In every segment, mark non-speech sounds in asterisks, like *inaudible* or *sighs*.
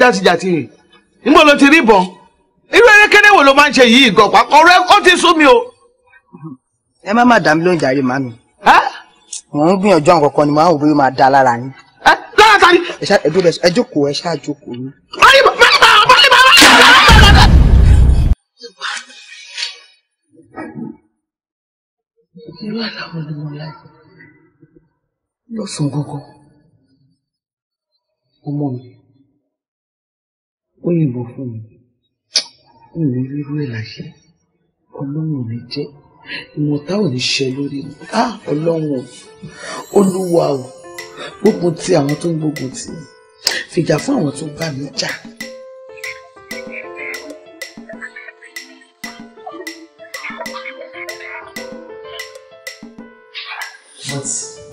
jásijàti rìn níbo ló ti rí ìbọn irú erékédé wo ló máa ń ṣe yìí ìgàn pàpọ̀ ọ̀rẹ́ ó ti sú mi o. ẹ má má dà mí lóúnjẹ àárẹ̀ màmí. mò ń gbìyànjú àwọn kankan ni màá wò bóyá máa da lára yín. lára ta ni. ẹ jókòó ẹ ṣáà jókòó yín. irú àlàwọ̀ ni mo láyé lọ́sùn gógó ọmọ mi ó yìnbọn fún mi mi ò ní rírú ẹ̀ láyé ọlọ́run ò ní jẹ́ ìmọ̀ta ò ní ṣe lórí mi á ọlọ́run o olúwa o gbógun ti àwọn tó ń gbógun ti mi fìjà fún àwọn tó bá mi jà.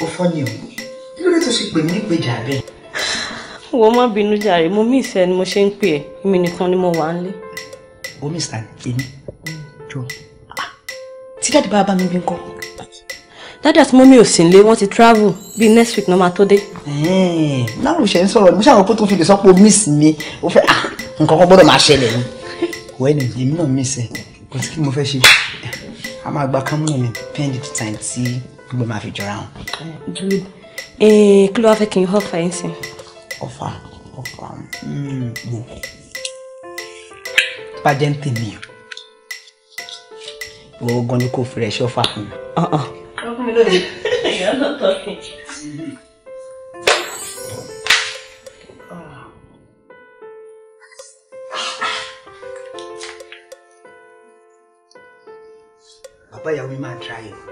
ó fọ́ ni o kí ló dé tó ṣe pè mí nípèjà bẹ́ẹ̀ ìwọ má bínú jàre mo mí ìfẹ́ ni mo ṣe ń pè ẹ́ èmi ni mo wà ń o mi sàn èmi jọ ah, tí dáàdì bá bá mi bí nǹkan. dáàdì àti mọ́mí ò sí nílé wọ́n ti travel bíi next week náà máa tó dé. láàrú ṣe ń sọ̀rọ̀ mo ṣàwọn kó tó fi lè sọ pé o miss mi o fẹ́ ah, nǹkan kan gbọ́dọ̀ máa ṣẹlẹ̀ ni. *laughs* wẹ́ẹ̀nì èmi náà miss ẹ̀ kò sí mo fẹ́ ṣe a máa gba kámúnà mi pẹ́ndì tó tàn tí gbogbo máa fi jọra hàn. Eh, kí ló wá fẹ́ kí ọ̀fà ọ̀fà mm, wò bàjẹ́ ń tèmi o ìwọ gan ni kò fi rẹ̀ ṣọ́fà fún mi. Uh-uh. bàbá ìyàwó mi máa dra yìí o.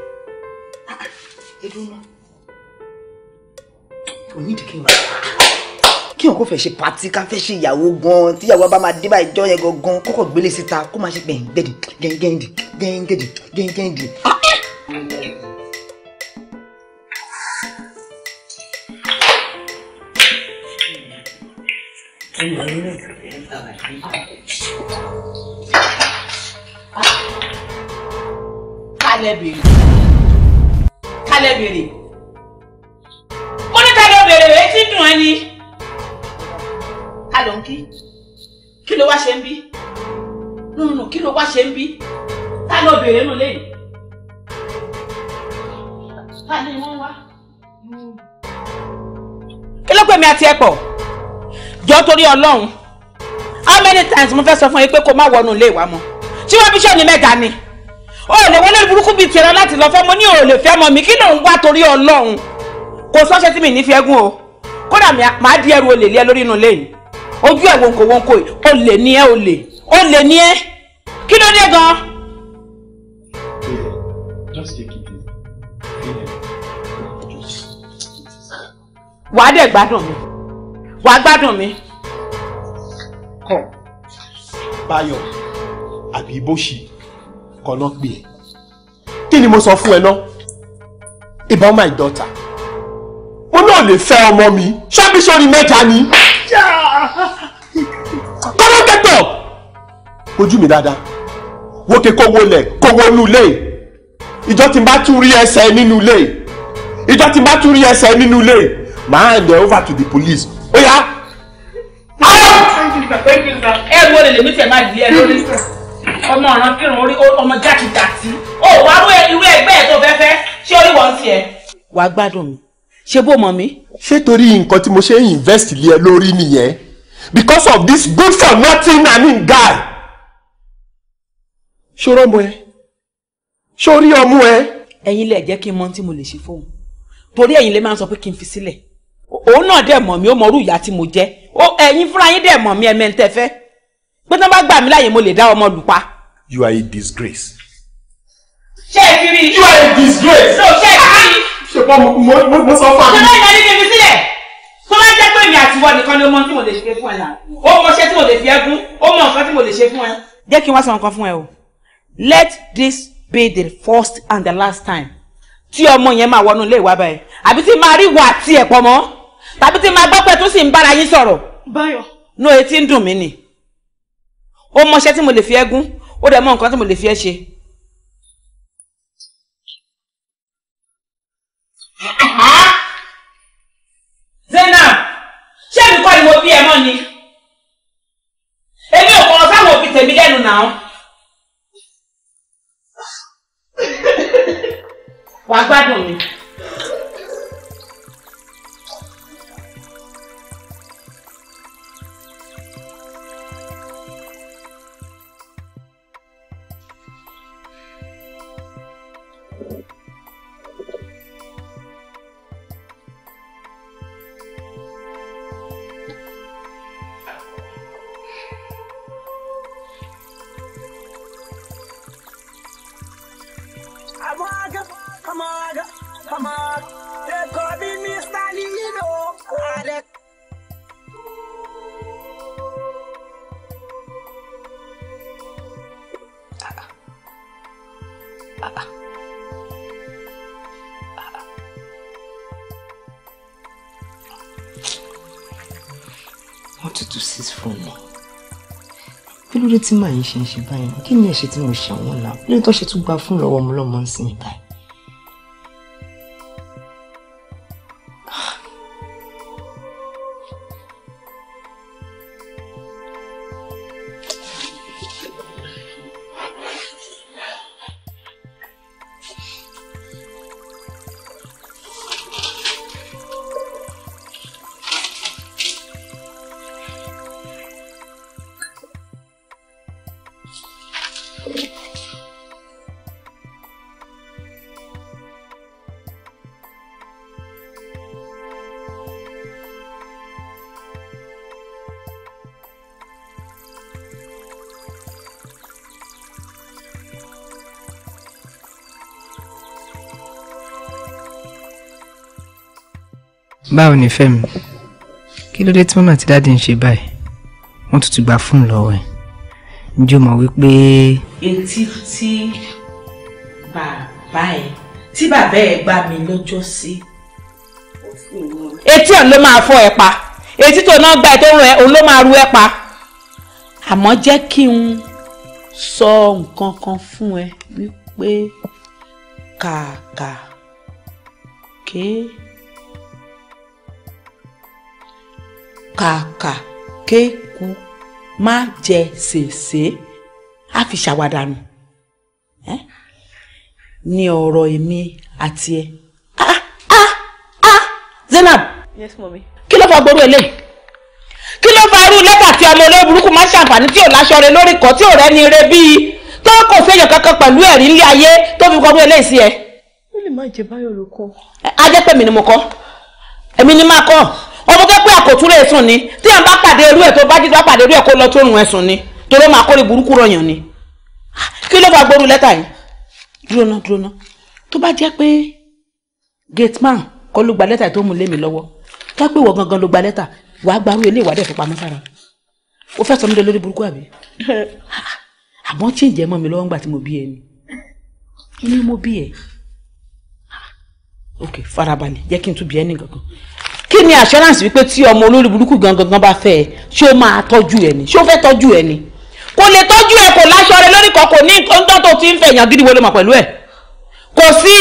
ẹ náà kò ní ìdí kí n wá kí wọn kò fẹ́ ṣe pàtí ká fẹ́ ṣe ìyàwó gan tí bá máa dé báyìí jọ yẹn gangan kókò gbélé síta kó máa ṣe gbẹ̀ǹgẹ̀dì gẹ̀ǹgẹ̀dì gẹ̀ǹgẹ̀dì gẹ̀ǹgẹ̀dì. kálẹ̀ bèrè kálẹ̀ bèrè ó ní kálẹ̀ bèrè èyí ti dùn ẹ́ ló ń kí kí ló wá ṣe ń bí nùnù kí ló wá ṣe ń bí ta ló béèrè nù lẹ́yìn ta ni wọ́n wá. kí ló pè mí àti ẹ pọ̀ jọ torí ọlọ́run how many times mo fẹ́ sọ fún yín pé kó má wọnú ilé ìwà mọ́ tí wọ́n fi ṣọ́ọ̀nì mẹ́ta ni o lè wọlé burúkú bíi tiẹ̀ láti lọ fẹ́ mo ní o lè fẹ́ mọ́ mi kí ló ń wá torí ọlọ́run kò sọ́ṣẹ́ tí mi ní fi ẹ́gún o kódà màá di ẹrù olè lé lórí inú ilé yìí ojú ẹ̀ wonko wonko yìí o lè ní ẹ́ o lè o lè ní ẹ́ kí ló dé gan. wàá dẹ̀ gbádùn mi wàá gbádùn mi. kàn báyọ̀ àbí bóṣì kan náà pè é kí ni mo sọ fún ẹ náà about my daughter mo náà lè fẹ́ ọmọ mi ṣábíṣọ́ni mẹ́ta ni. Yeah! gbọ́. ojú mi dáadáa wókè kówó lẹ̀ kówó nù lé ìjọ tí n bá tún rí ẹsẹ̀ nínú lé ìjọ tí n bá tún rí ẹsẹ̀ nínú lé màá hand over to the police ó yá. ẹ wo lè lè mí tẹ̀ máa di ẹ lórí ọmọ ọ̀ràn kírun orí ọmọ jákèjàkì ó wàá rú irú ẹgbẹ́ ẹ̀ tó fẹ́ fẹ́ ṣé orí wọn ti ẹ̀. wàá gbádùn mi ṣé bó mọ̀ mi. ṣé torí nǹkan tí mo ṣe invest lé ẹ lórí nìyẹn because of this good for nothing i mean guy. ṣòro ọmọ ẹ ṣòrí ọmọ ẹ. ẹ̀yin lẹ jẹ́ kí n mọ tí mo lè ṣe fóun torí ẹ̀yin lè máa ń sọ pé kí n fi sílẹ̀ òun náà dẹ̀ mọ̀ mí ó mọ orú ìyá tí mo jẹ́ ẹ̀yin fúnra yín dẹ̀ mọ̀ mí ẹ̀mẹ́ tẹ́ fẹ́ pé tí wọ́n bá gbà mí láàyè mo lè dá ọmọ lù pa. you are a disgrace. ṣé ẹ kiri. you are a disgrace. no ṣé ẹ kiri. ṣe pọ́ mo mo mo sọ fún mi. ṣọlá ìdánilẹ́bí sí tó bá jẹ́ pé èmi àti ìwọ nìkan ni ó mọ tí mo lè ṣe fún ẹ náà ó mọ iṣẹ́ tí mo lè fi ẹ́ gún ó mọ nǹkan tí mo lè ṣe fún ẹ. jẹ́ kí n wá sọ nǹkan fún ẹ o let this be the first and the last time tí ọmọ yẹn máa wọnú ilé ìwà báyìí àbí tí máa rí ìwà àti ẹ̀pọ̀ mọ́ tàbí tí máa gbọ́ tó sì ń bára yín sọ̀rọ̀. báyọ̀. no etí ń dùn mí ni ó mọ iṣẹ́ tí mo lè fi ẹ́ gún ó dẹ̀ mọ nǹkan tí mo lè fi ẹ́ ṣe ẹ mọ́ ni èmi ò kọ́ sáwọn òfin tèmi lẹ́nu náà. wàá gbádùn mi. ló dé tí màá yìí ṣe ń ṣe báyìí kí ni ẹ̀ṣẹ̀ tí mo ṣe àwọn náà lóòótọ́ ṣe tún gba fún lọ́wọ́ ọmọlọ́mọ ń sìn báyìí. báwo ni Fẹ́mi kí ló dé tí mọ́mọ́ àti dáàdì ń ṣe báyìí wọ́n tún ti gba fóònù lọ́wọ́ ẹ̀ ǹjẹ́ o mọ̀ wípé. etí tí bàbá ẹ tí bàbá ẹ gbà mí lọ́jọ́ sí. etí ọ̀n ló máa fọ́ ẹ pa etí tó náà gbà ẹ tó rún ẹ òun ló máa ru ẹ pa àmọ́ jẹ́ kí n sọ nǹkan kan fún ẹ wípé kàkà kéé. Okay. kàkà kéku má jẹ sèse á fi ṣàwádà nù ní ọ̀rọ̀ èmi àti ẹ. ah ah ah Zainab. yes mami. kí ló fa gbogbo eléyìí kí ló fa irú lẹ́tà tí ọmọ olóyè burúkú máa ṣàǹfààní tí ò láṣọ rẹ lórí kan tí ò rẹ́ni rẹ bíi tó kò séèyàn kankan pẹ̀lú ẹ̀rí ilé ayé tó fi kọ́gbọ́n eléyìí sí ẹ. ó lè má jẹ báyọ̀ ló kọ́. ajẹ́pẹ̀mí ni mo kọ́ èmi ni máa kọ́ ọmọ tó pé àkótúrò ẹ̀sùn ni tí à ń bá pàdé irú ẹ̀ tó bá jí bá pàdé irú ẹ̀ kó lọ tó rùn ẹ̀sùn ni tó ló máa kórè burúkú rọyàn ni kí ló fà gbóru lẹ́tà yìí dúró ná tó bá jẹ́ pé gate man kọ́ ló gba lẹ́tà tó mú lémi lọ́wọ́ ká pé wọ́n gangan ló gba lẹ́tà wàá gbarú ilé ìwádìí ẹ̀fọ́ pamọ́ sára o fẹ́ sọ mi lórí burúkú àbí *laughs* àmọ́ tí ì jẹ́ mọ́ mi lọ́wọ́ ńgbà tí mo bí ẹ ni inú mo bí ẹ ah, ok farabalẹ̀ jẹ́ kí n tún bí ẹ ní kankan kí ni assurance wípé tí ọmọ olórí burúkú gangan bá fẹ́ ẹ ṣé ó máa tọ́jú ẹ ni ṣé ó fẹ́ tọ́jú ẹ ni kò lè tọ́jú ẹ kò láṣọ rẹ lórí kan kò ní nǹkan tó ti ń fẹ́ èèyàn gidi wo ló mọ̀ pẹ̀lú ẹ kò sí.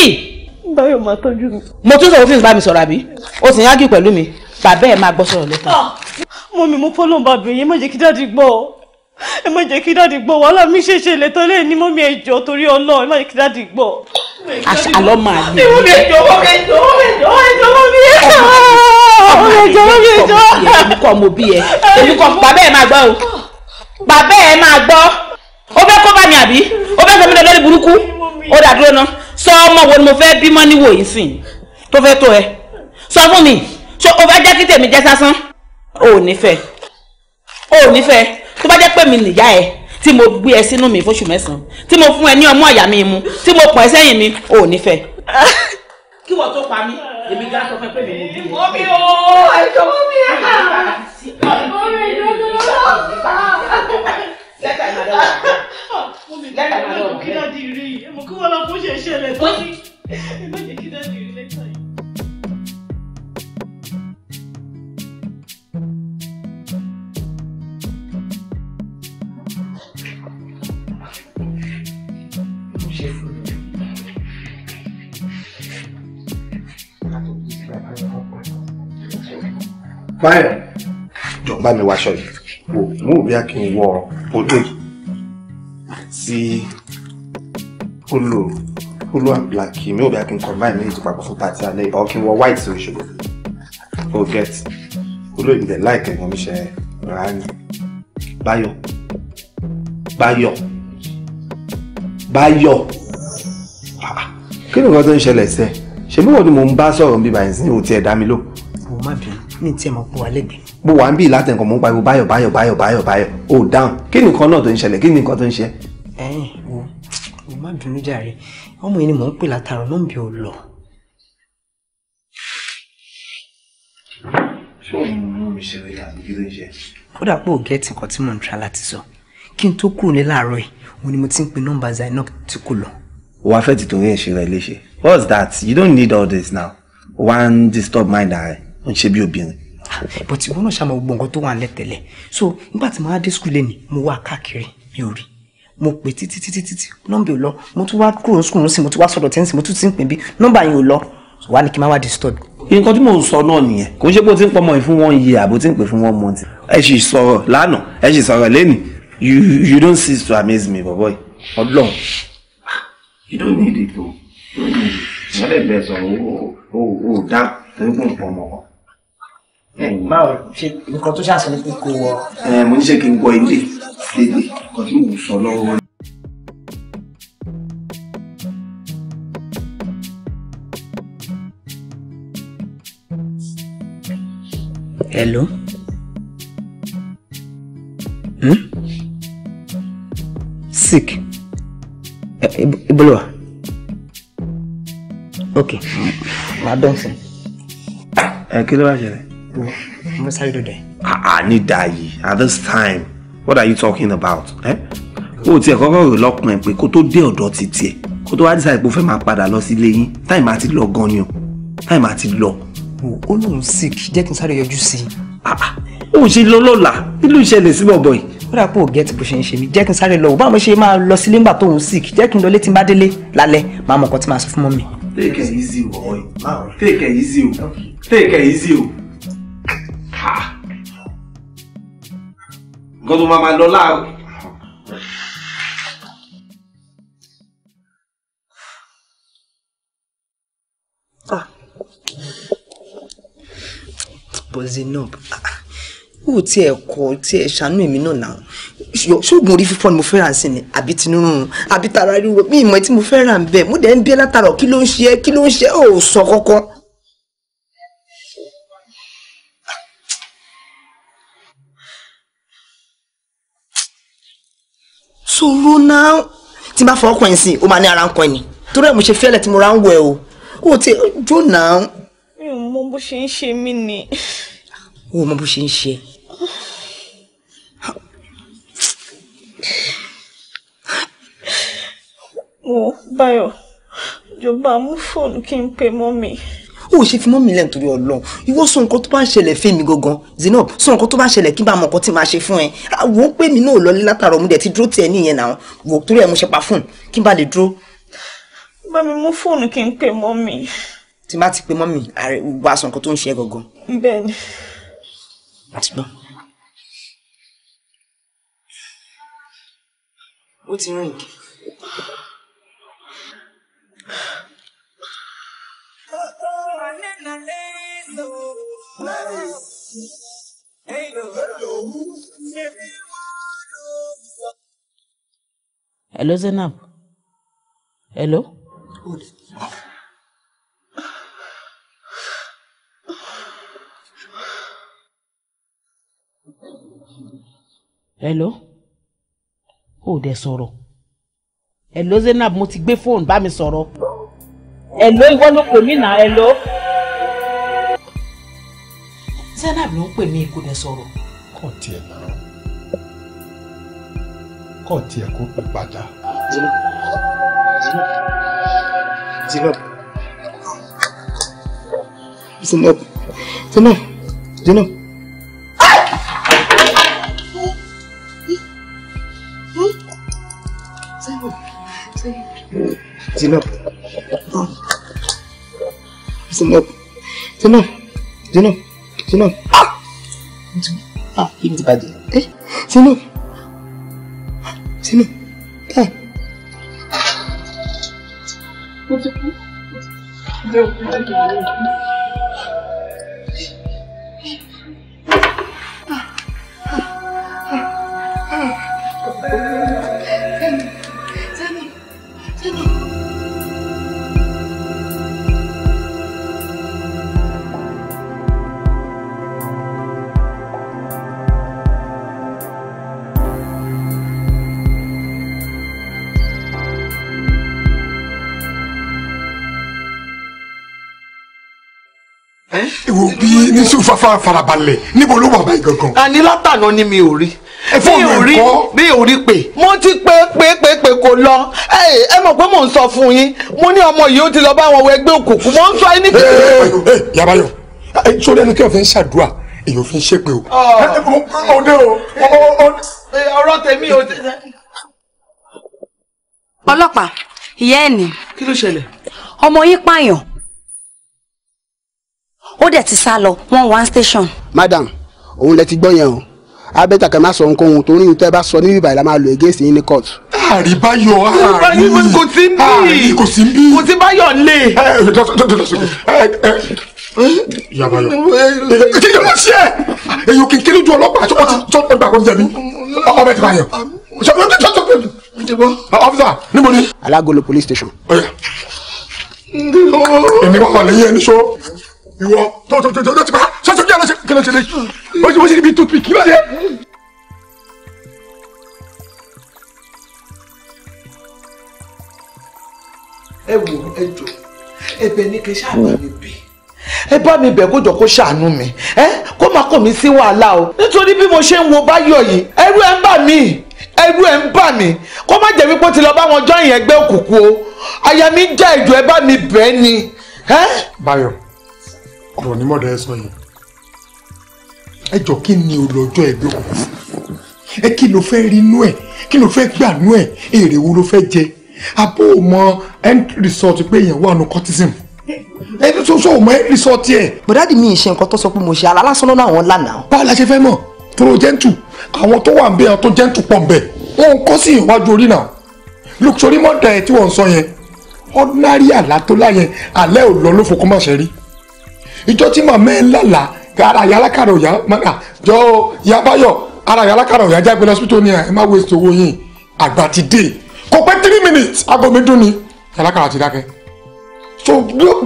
báyọ̀ máa tọ́jú mi. mo tún sọ̀rọ̀ fífi bá mi sọ̀rọ̀ àbí o sì ń yájú pẹ̀lú mi bàbá ẹ̀ máa gbọ́ sọ̀rọ̀ lẹ́ta. Ah. mo mi mo fọlọ́n bàbá yẹn má jẹ́ kí dáàdi gbọ́ ẹ má jẹ́ kí dáàdi gbọ́ wàhálà mi ṣèṣe lè tọ́ lé ní mọ́mí ẹ̀jọ́ torí ọlọ́ọ̀ ẹ má jẹ́ kí dáàdi gbọ́. àṣà lọ́ máa yẹ. ìwúni ẹ̀jọ̀ wọ́n mi ẹ̀jọ̀ wọ́n mi ẹ̀jọ̀ wọ́n mi ẹ̀jọ̀ ó lè jọ ó lè jọ. èmi kọ́ mo bí ẹ èmi kọ́ bàbá ẹ máa gbọ́ o bàbá ẹ máa gbọ́ ó fẹ́ kó bá mi àbí ó fẹ́ sọ mi lórí burúkú ó dà dúró náà sọ ọmọ wo ni mo fẹ́ bímọ níwò yìí sìn tó fẹ́ tó ẹ sọ fún mi ṣé o fẹ́ jẹ́ kí tèmi jẹ́ sásán o ò nífẹ̀ẹ́ o ò nífẹ̀ẹ́ tó bá jẹ́ pé mi nìyá ẹ tí mo gbé ẹ sínú mi fóṣù mẹ́sàn-án tí mo fún ẹ ní ọmọ àyà mi mu tí mo pọ̀ ẹ sẹ́yìn mi o ò nífẹ̀ẹ́ kí wọ́n tó pa mí èmi gá sọ fẹ́ pé mi mo bí wọn. omi o àìsàn omi ẹ̀ ká. omi ìdúró lẹ́tà ìmàdà wà. lẹ́tà ìmàdà wà. mo kí wọ́n lọ fún ṣe ṣẹlẹ̀ tó ní. ẹ má jẹ́ kí dáàdi rí lẹ́tà. báyọ̀ jọ bá mi wáṣọ yìí wò mú òbí akin wọ odò yìí àti polo polo and black mi òbí akin combine méjì papọ̀ fún pàtí alẹ́ ọ̀ kí n wọ white sí òṣogbo o get polo yìí dẹ̀ láìka ẹ̀gbọ́n mi ṣe rà á ní báyọ̀ báyọ̀ báyọ̀ ah, kí ni nǹkan tó ń ṣẹlẹ̀ sẹ́ ṣe bí wọ́n ni mò ń bá sọ̀rọ̀ bíbá ẹ̀ sí òtí ẹ̀dá mi lò. mo má bínú mi tiẹ̀ mọ̀ pé wà lẹ́gbẹ̀ẹ́. bó wàá ń bì láti nǹkan mọ̀ ń pariwo báyọ̀ báyọ̀ báyọ̀ báyọ̀ báyọ̀ ó dáhùn kí ni nǹkan náà tó ń ṣẹlẹ̀ kí ni nǹkan tó ń ṣe. ẹ̀yin wo o má bínú jàre ọmọ yẹn ni mò ń pè látàrọ ló ń bí o lọ. ó dà pé ò gẹ́ẹ̀tì nǹkan tí mò ń tra láti sọ kí n tó kúrò ní láàárọ̀ yìí òun ni mo ti ń pe nọ́mbà zainab tí kò lọ. wàá fẹ́ ti tòun yẹn ṣe rẹ̀ léṣe what's that you don't need all this now wá ń disturb mind ààrẹ ó ń ṣe bí obìnrin. but ìwọ náà ṣàmọ gbogbo nǹkan tó wà nílẹ̀ tẹ́lẹ̀ so nígbà tí mo wá dé school lẹ́nu mo wá káàkiri mi ò rí mo pè títí títí títí nọ́mbà ò lọ mo tún wá kúrò ní school sí mo tún wá sọ̀dọ̀ tẹ́ǹsì mo tún ti ń pè bí nọ́mbà yẹn ò lọ wà ní kí n má wá disturb. nǹkan tí mò ń sọ náà nìyẹn kò ń ṣe pé o ti ń pọmọ yìí fún one year àbò tí ń pè fún one month ẹ sì sọ̀rọ̀ lánàá ẹ sì sọ̀rọ̀ lẹ́nu you you don't cease to amaze me bọ̀bọ̀ yìí ọlọ́run. you don't need it o. wọ́n lè bẹ̀ sọ̀rọ̀ o ò dá torí kò ń pọ̀ báwo eh, mm. ṣe nǹkan tó ṣàṣẹ ní kíkó wọ. Eh, mo ní ṣe kí n wọ ilé ilé kan tí mò ń sọ lọ́wọ́. Hello? Hmm? Sick. Ibo lo wà? Okay. Màá dán sí. Ẹ eh, kí ló wá ṣẹlẹ̀? mo sáré dọ̀dẹ̀. àà ní dàyí at this time what are you talking about. Eh? o tiẹ̀ kọ́kọ́ rò lọ́kùn ẹ̀ pé kó tó dé ọ̀dọ̀ ti tiẹ̀ kó tó wá dísà ìpò fẹ́ máa padà lọ sílé yín táìmù àti lọ gan ni o táìmù àti lọ. ó lóun sick jẹ́ kí n sáré yọjú sí i. Ah, ah, ó ṣe lọ lọ́la nílùú ìṣẹ̀lẹ̀ sí bọ̀bọ̀ yìí. ó dà pé ò gẹ́tì bó ṣe ń ṣe mí jẹ́ kí n sáré lọ báwo ṣe máa lọ sílé ńgbà tóun sick jẹ́ kí n lọ létí bá délé lálẹ́ máa mọ̀ nǹkan tí màá sọ fún mọ́mì. take it easy o boy take it easy o take it easy o. nǹkan tó máa máa lọ láàárọ̀. Ah. Bozinob ó ah, tiẹ̀ kọ́ tiẹ̀ ṣàánú èmi náà náà ṣoògùn orí fífọ́ ni mo fẹ́ràn sí ni àbí tinúrun àbí tara ríro mi ìmọ̀ tí mo fẹ́ràn bẹ́ẹ̀ mo dẹ̀ ń bí ẹ́ látara kí ló ń ṣe é kí ló ń sọ̀rọ̀ náà tí n bá fọ ọkùnrin sí o máa ní ara ń kọ́ ni torí ẹ̀ mo ṣe fẹ́lẹ̀ tí mo ra ń wẹ̀ o o ti jó náà. mi ò mọ bó ṣe ń ṣe mí ni. o mọ bó ṣe ń ṣe. wo Báyọ̀ jọba mú fóònù kí n pe mọ́ mi ó ṣe fi mọ́ mi lẹ́nu torí ọlọ́run ìwọ sọ nǹkan tó bá ń ṣẹlẹ̀ fẹ́mi gangan Zenob sọ nǹkan tó bá ń ṣẹlẹ̀ kí n bá mọ nǹkan tí màá ṣe fún ẹ wò ó pè mí náà lọlé látàrọ mo dẹ̀ ti dúró tiẹ̀ nìyẹn náà wò torí ẹ̀ mo ṣe pa fóònù kí n bá lè dúró. bá mi fóònù kí n pè mọ́ mi. tí n bá ti pè mọ́ mi ààrẹ wá sọ nǹkan tó ń ṣe ẹ gangan. bẹ́ẹ̀ni. ó ti rìn kí. now ain't no love. Ain't no love. Hello, Zainab. Hello. Hello. Oh, dẹ̀ sọ̀rọ̀. Hello Zainab mo be phone fóònù bá mi sọ̀rọ̀. Hello ìwọ ló pè mí náà hello. Zainab ló ń pè mí kò dẹ̀ sọ̀rọ̀. kọ́ tiẹ̀ náà kọ́ tiẹ̀ kó pè padà. Zainab Zainab Zainab Zainab Zainab Zainab. Zainab. Zainab. Zainab. Zainab. Zainab. Ah! ah, ibi ti bàjẹ́. Eh, Zainab. Eh. Mo ti kú. Mo ti ní sùfàfà farabalẹ̀ níbo ló wà báyìí gangan. àní látànà ni mi ò rí mi ò rí mi ò rí pé. mo ti pé pé pé pé kò lọ ẹ mọ̀ pé mò ń sọ fún yín mo ní ọmọ yìí ó ti lọ bá àwọn ẹgbẹ́ òkùnkùn mo ń sọ ẹ ní kí. yabayọ sórí ẹni kí wọn fẹ́ ń ṣàdúrà èèyàn fi ń ṣépè o. ọdẹ ah. o. ọ̀rọ̀ tèmi o. ọlọ́pàá ìyá ẹ̀ ní. kí ló ṣẹlẹ̀. ọmọ yín pààyàn ó dẹ̀ ti sá lọ one one station. madam òun lẹ ti gbọ́ yẹn o abẹ́ta kẹ́ máa sọ ohunkóhun torí ìtẹ́ bá sọ níbi ìbàdàn máa lo ègéèsì yín ní court. àríbáyọ̀ àrí kò sí ń bí kò sí ń bí kò sí báyọ̀ lè. yabayọ èyí ló ṣe é èyí ò kì í kí lójú ọlọ́pàá tó tó gbà kó jẹ̀bi ọmọ ẹ̀ ti bá yẹ. ọfisa níbo ni. alágolo police station. èmi kọ́kọ́ lè yẹ ẹni sọ ìwọ tó tó tó tó ti pa sọ́sọ́ bí àná ṣe kí ló ṣe lè ó sì ó sì níbi tó pì kí ló ṣe. ẹ wò ó ẹ jọ ẹ̀bẹ̀ ni kẹ ṣáà bá mi bẹ̀ ẹ bá mi bẹ̀ kó jọ kó ṣàánú mi ẹ kó o nítorí bí mo ṣe ń wo báyọ̀ yìí ẹrú ẹ ń bà mí ẹrú ẹ ń bà mí kó má jẹ́ wípé ó ti lọ bá wọn jọ ìyẹn ẹgbẹ́ òkùnkùn o àyà mi já ẹjọ́ ẹ bá mi bẹ̀ ẹ́ ni. báyọ̀ ọ̀rọ̀ ní mọ̀dọ̀ ẹ sọ yìí ẹ jọ kí ni olọ́jọ́ ẹgbẹ́ òkùnkùn ẹ kí ló fẹ́ rí inú ẹ kí ló fẹ́ gbà inú ẹ èrè wo ló fẹ́ jẹ abó o mọ end result pé èèyàn wà nù cortism ẹ ní sọ́sọ́ ò mọ end result yẹ. bọ̀dádì mi ṣe nǹkan tó sọ pé mo ṣe alálásán lọ́nà àwọn lánàá. báwo la ṣe fẹ́ mọ̀ tóró jẹ́ǹtù àwọn tó wà ń bẹ́ẹ̀ tó jẹ́ǹtù pọ̀ ń bẹ̀ wọn ń kọ́ sí ìwájú orí náà lóṣorí mọ́tà ẹ̀ tí wọ́n ń sọ yẹn ordinary àlá tó láyẹn àlẹ́ ò lọ lófo kó ṣe rí ìjọ tí màmá ẹ̀ ń lálà ara yàrá kàrà òyà mọ́nà ah, jọ yabayọ ara yàrá kàrà òyà jágbe lọ́sítọ́ ni ẹ̀ má waste owó yín àgbà ti dé kò pẹ́ three minutes aago mi dún ni yàrá kàrà ti dákẹ́ so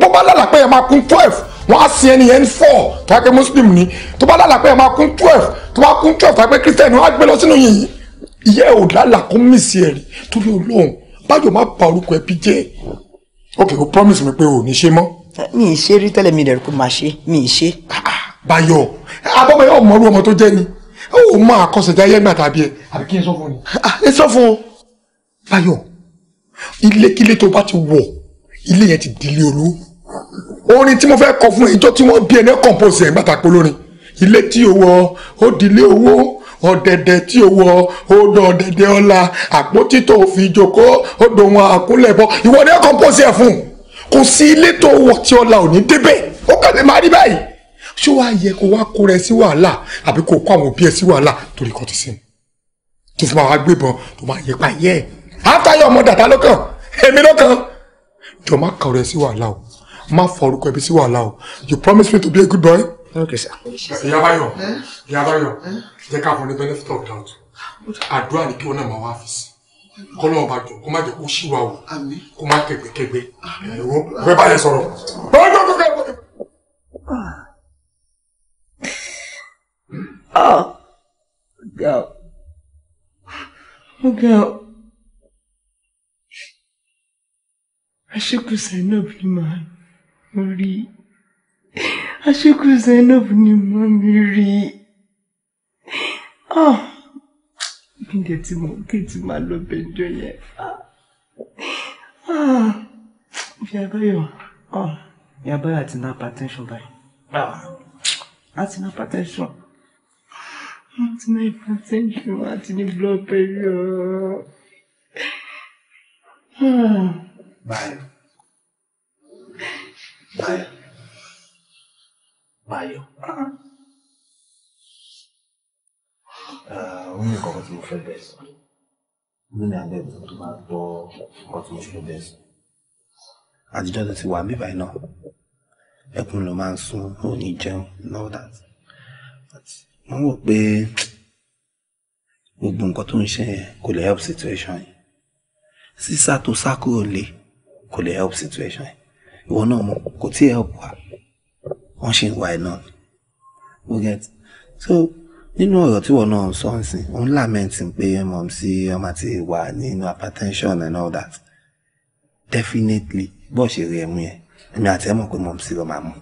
bó bá lálà pé ẹ̀ máa kún twelve wọ́n á sin ẹni yẹn four tó bá pé muslim ni tó bá lálà pé ẹ̀ máa kún twelve tó bá kún twelve tó bá pé christian wọ́n á gbé lọ sínú yìnyín ìyá ẹ̀ ò lálà kó mísì ẹ̀ torí olóhùn bájọ́ má pa orúkọ ẹbí jẹ́ ok o promise mi pé o ò ní ṣe mọ́ mi ì ṣe rí tẹ́lẹ̀ mi rẹ̀ kó máa ṣe mi ì ṣe. Ah, Báyọ̀ abọ́mọ yóò mọ irú ọmọ tó jẹ́ ni ó mọ àkọsẹ̀já yẹ́gbà tàbí ẹ̀. àbí kí n sọ fún mi. Ah, ẹ sọ fún ọ Báyọ̀ ilékílé tó bá ti wọ̀ ilé yẹn ti dilé olówó orin tí mo fẹ́ kọ fún ìjọ tí wọ́n bí ẹni kọ̀ǹpọ̀sì ẹ̀ ń bàtà polórin ilé tí o wọ ó dilé owó ọ̀dẹ̀dẹ̀ tí o wọ ó dọ̀ ọ̀dẹ̀dẹ̀ ọ̀la àpótí tó fi jòkó ó dòun àkúnlẹ̀ bọ́ ìwọ ni ẹ̀ kọ̀ǹpọ̀sì ẹ̀ fún un kò sí ilé tó wọ̀ tí ọlá ò ní débẹ̀ ó kàn lè máa rí báyìí ṣé wàá yẹ kó wá kó rẹ sí wàhálà àbí kó kó àwọn òbí ẹ sí wàhálà torí kan ti sìn tó fi máa wá gbébọn tó máa yẹ pa yẹ àtàyè ọmọ dàda lọ́kàn èmi lọ́kàn jọ má kà rẹ sí wàhálà o má fọ ẹbí sí wàhálà o you promise me to be a good boy. okay sir. ìyá báyọ̀ ìyá báyọ̀ jẹ́ ká fún ní benefit of doubt àdúrà ni kí wọ́n náà máa wá fi sí kọ́lọ́ ọba jọ kó má jẹ́ kó ṣíwá o kó má kẹgbẹ́kẹgbẹ́ ẹ̀rọ ọ̀fẹ́ bá yẹn sọ̀rọ̀. ọ̀gá ọ̀gá aṣíkù màá rí aṣíkù Zainab ni màá rí. Oh níbi tí mo kí tí máa lọ bẹjọ yẹn ìyá báyọ̀ ìyá báyọ̀ àti náà hypertension báyìí ah. àti náà hypertension àti náà hypertension àti ní blood pressure. Ah. Báyọ̀ Ah, ó ní nǹkan kan tí mo fẹ́ bẹ́ẹ̀ sọ ní ní abẹ́ mi tó bá gbọ́ nǹkan tí mo fẹ́ bẹ́ẹ̀ sọ. àtijọ́ tó ti wà mí báyìí náà ẹkún ló máa ń sún ó that mo ń wò pé gbogbo nǹkan tó ń ṣe yẹn kò lè help situation yìí sísá tó sá kúrò lé kò lè help situation yìí ìwọ náà mo kò tí ì help wa wọ́n ṣe ń wá ẹ̀ náà we get so nínú ọ̀rọ̀ tí wọ́n náà sọ ń sìn ó ń lamenting pé mọ̀m sí ọmọ ti wà nínú hypertension and all that definitely bó ṣe rí ẹmu yẹn èmi àti ẹ mọ̀ pé mọ̀m sí ọmọ àmú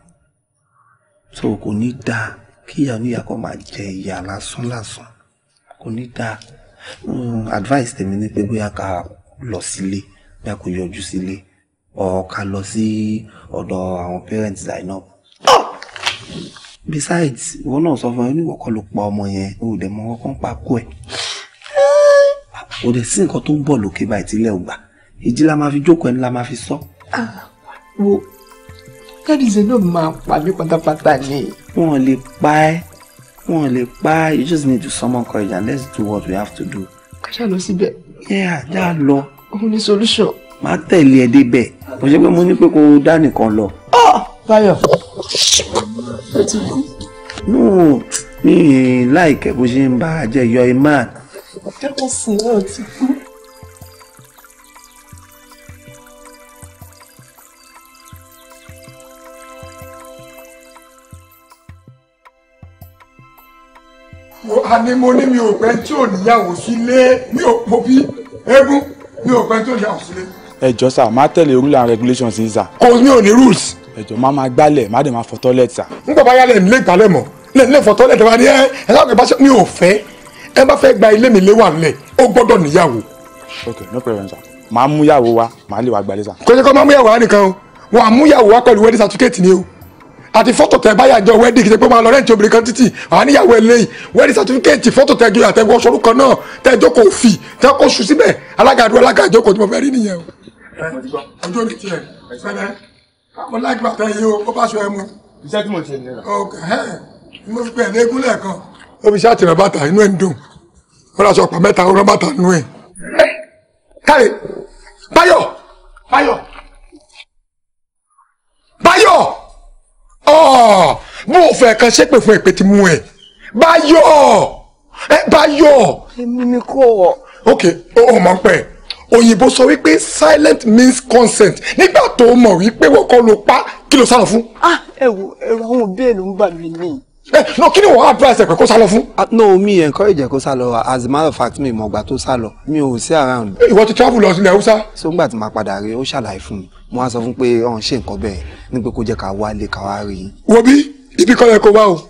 so kò ní dáa kí ìyá oníyà kọ́ máa jẹ ìyá lásán lásán kò ní dáa hmm, advice tèmi ni pé bóyá ká lọ sílé bóyá kò yọjú sílé ọ̀ ká lọ sí ọ̀dọ̀ àwọn parents I know. Oh! besides ìwọ náà sọ fún ẹ oníwọ kọ́ ló pa ọmọ yẹn o ò dẹ̀ mọ ọkàn pa kó ẹ o dẹ̀ sí nǹkan tó ń bọ̀ lókè báyìí tílẹ̀ ò gbà ìjì la máa fi jókòó ẹni la máa fi sọ. Ah, wo kẹ́díṣe náà máa pa mí pátápátá ni. wọn lè pa ẹ wọn lè pa ẹ you just need to summon courage and let's do what we have to do. ká ṣáà lọ síbẹ̀. yẹ́à já lọ. òun ni solution. máa tẹ̀lé ẹ débẹ̀ kò ṣe pé mo ní pé kó o dá nìkan lọ. Ah, báyọ̀. No, ti kú. nù mí láìkẹ́ bó ṣe ń bá a jẹ́ yọ imán. ó sì náà ti kú. àní mo ní mi ò pẹ́ tí ò níyàwó sílé mi ò mọ bí eégún mi ò pẹ́ tí ò níyàwó sílé. ẹ sá máa tẹ̀lé orílẹ̀ and regulations yìí sá. kò ní ò ní rules ẹjọ máa máa gbálẹ̀ má dé máa fọ tọ́lẹ̀tì. nígbà bá yálẹ̀ nílé ìgbálẹ̀ mọ̀ nílé fọ tọ́lẹ̀tì wa ni ẹ ẹ láwọn kẹfà mi ò fẹ́ ẹ bá fẹ́ gba ilé mi lé wà ó gbọ́dọ̀ níyàwó. ok no problem sir màá mú yàwó wa màá lè wá gbalẹ̀ sir. kò ṣe kó máa mú yàwó wa nìkan o wọn à mú yàwó wa pẹ̀lú wedding certificate ni o àti fọ́tò tẹ báyà jọ wedding kìí ṣe pé máa lọ rẹ́ǹtì obìnrin kan títì àwọn níyàwó eléyìí wedding certificate fọ́tò tẹ jọ àtẹ wọ́n sọ̀rọ̀ kan náà tẹ jókòó òfì tẹ kó sùn síbẹ̀ alága àdúrà alága ìjókòó tí mo fẹ́ rí nìyẹn o. ọjọ́ mi tiẹ̀ sẹ́lẹ̀ mo láì bàtà yìí o bá sọ ẹ iṣẹ́ tí mo ṣe nìyẹn. ọkàn ẹ mo fi pẹ̀lú egun lẹ́ẹ̀kan. ó fi ṣáàtì rẹ bàtà inú ẹ̀ ń dùn ó rà sọpọ̀ mẹ́ta rán bàtà nú ẹ̀. káre báyọ̀ báyọ̀ báyọ̀ ọ̀ mo fẹ́ kan ṣépè fún èpè tí mú ẹ̀ báyọ̀ báyọ̀. èmi ni kò. ok ó mọ̀ ń pẹ́ òyìnbó sọ wípé silent means consent nígbà tó mọ̀ wípé wọ́n kọ́ ló pa kí ló sá lọ fún. Ah, ẹ wo ẹ̀rọ àwọn òbí ẹ̀ ló ń bà mí ni. ẹ eh, náà kí ni wọ́n advice ẹ̀ pé kó sá lọ fún. Ah, no mi encourage ẹ kó sá lọ as a matter of fact mi mọ̀gbà tó sá lọ mi ò sí around. Eh, ìwọ ti travel lọ sílẹ̀ haúsá. so ńgbà tí màá padà rí ó ṣàlàyé fún mi mo wá sọ fún pé ọ̀hún ṣe nǹkan bẹ́ẹ̀ ní pé kó jẹ́ ká wálé ká wá rí i. wo bí ibi kan yẹ kó wá o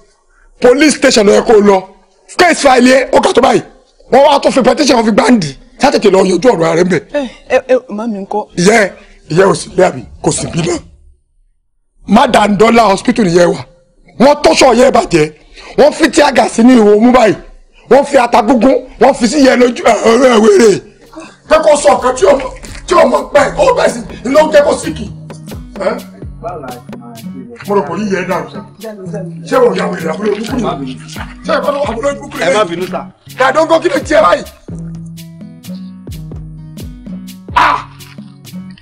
police station ló yẹ kó lọ case file yẹ ó kà tó báyìí wọ́n wá tó fi petition fi gbáǹdì sátẹ̀tẹ̀ lọ yanjú ọ̀rọ̀ ààrẹ mbẹ. ẹ ẹ má mi kọ. ìyẹ ìyẹ ò sì lé àbí kò sì bí náà mádàndọ́là hospital nìyẹn wa wọ́n tọ́ṣọ̀ yẹ bàjẹ́ wọ́n fi tíágà sí ní ìwò mú báyìí wọ́n fi atagúngún wọ́n fi sí yẹ lójú ọ̀rọ̀ ẹ̀wẹ̀rẹ̀ pé kó sọ ọ̀kan tí o mọ̀ pẹ́ ó bẹ̀ sí ló ń jẹ́ kó síkì. Eh? mo rò pé yí yẹ dàrú sa ṣé wọ́n yà wọ̀ ìrìn àbúrò ìbúkúrú ṣé ìbánu àbúrò ìbúkúrú yẹn. ẹ má bínú ta. kàdóńgó kí ló jẹ báyìí.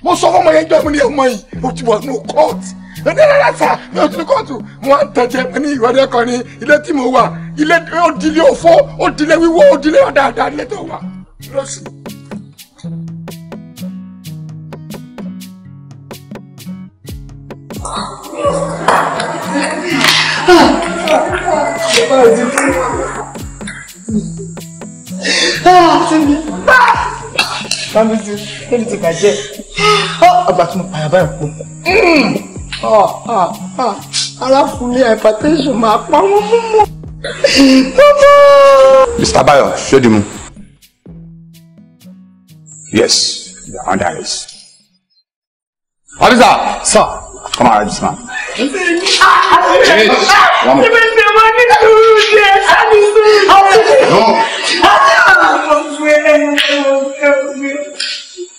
mo sọ fọmọ yẹn jọ mo ní ọmọ yìí o ti wà nù kóòtù ní rárá sá mi ò ti ní kóòtù wọn á tẹ̀jẹ̀ mi ní ìwádìí ẹ̀kọ́ ní ilé tí mo wà ilé ó dilé òfó ó dilé wíwó ó dilé ọ̀dáadáa ilé tó wà lọ́sì. Ah, Sami. Ah! Sami ti, Sami ti bàjẹ́ àgbà tí mo pààyà báyìí pọ̀ hmm. aláfúnni hypertension máa pa wọ́n mú mọ́. Mr. Bayo, show them. Yes, the under is. Officer! Sir. Come on, this man. No.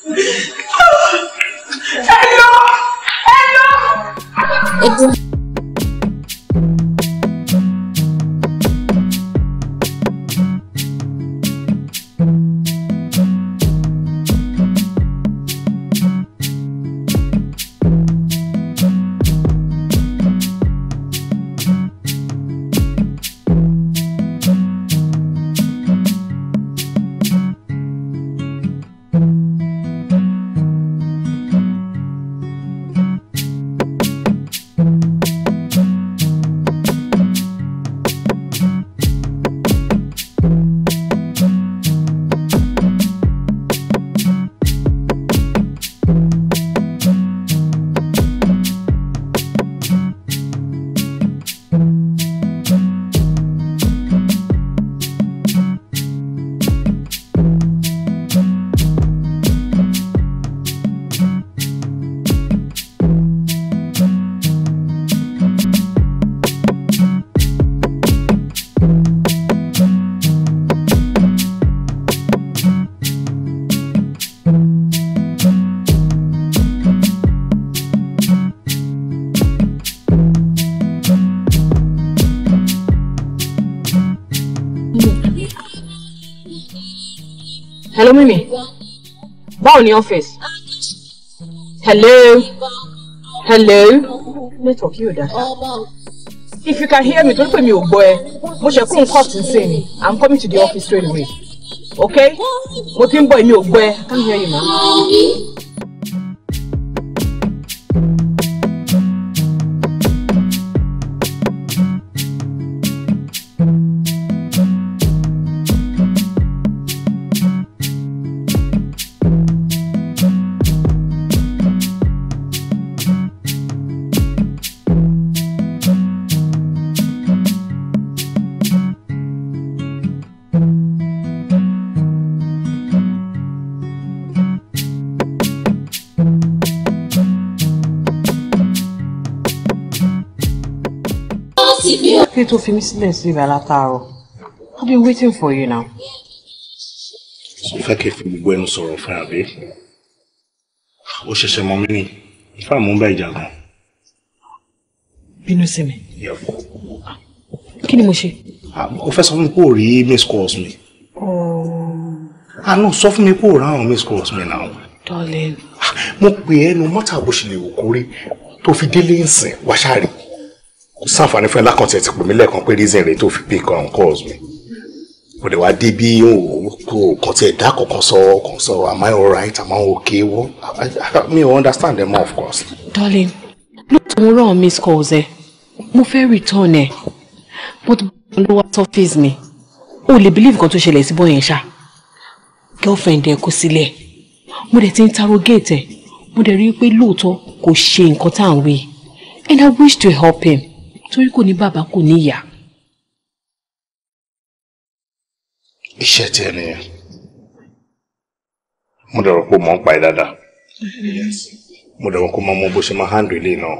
Hello! Hello! Hello! báwo ni ọ́fíìsì. hello hello network yóò dá. if you can hear me torí pé mi ò gbọ́ ẹ mo ṣe kún court nsìn ni i'm coming to the office straight away okay mo ti ń bọ̀ èmi ò gbọ́ ẹ i can't hear you ma. tó fi mí sílẹ̀ sí ibà látàárọ̀ I've been waiting for you now. So fẹ́ kí n fi gbogbo ẹnu sọ̀rọ̀ fún àbí ó ṣẹ̀ṣẹ̀ mọ mí ni ìfá mú bá ìjà gan. bínú sí mi. kí ni mo ṣe. o fẹ́ sọ fún mi kó o rí miss calls mi. Oh. àánú sọ fún mi kó o ráhùn miss calls mi darling. Ah, mo pè no matter mọ́tà bó ṣe lè wò kórí tó fi délé ń sìn wáṣárì sáfàní fún ẹ lákàntì ti pè mí lẹ́ẹ̀kan pé reason rẹ tó fi pè kan calls mi mo lè wá dé bí òkú kan tí ẹ dá kankan sọ kan sọ am I alright am I okay wo mi ò understand them of course. darling lóòótọ́ mo rán miss calls ẹ eh? mo fẹ́ return ẹ but báwo ló wá surface mi o lè believe nǹkan tó ṣẹlẹ̀ sí bọ́yẹn ṣá girlfriend ẹ kó sílẹ̀ mo dẹ̀ ti interrogate ẹ mo dẹ̀ rí i pé lóòótọ́ kò ṣe nǹkan tá à ń wí and I wish to help him torí kò ní bàbá kò ní ìyá. iṣẹ́ tiẹ̀ nìyẹn mo dẹ̀rọ pé mò ń pa ẹ́ dáadáa mo dẹ̀rọ pé mo mọ bó ṣe máa handle ilé náà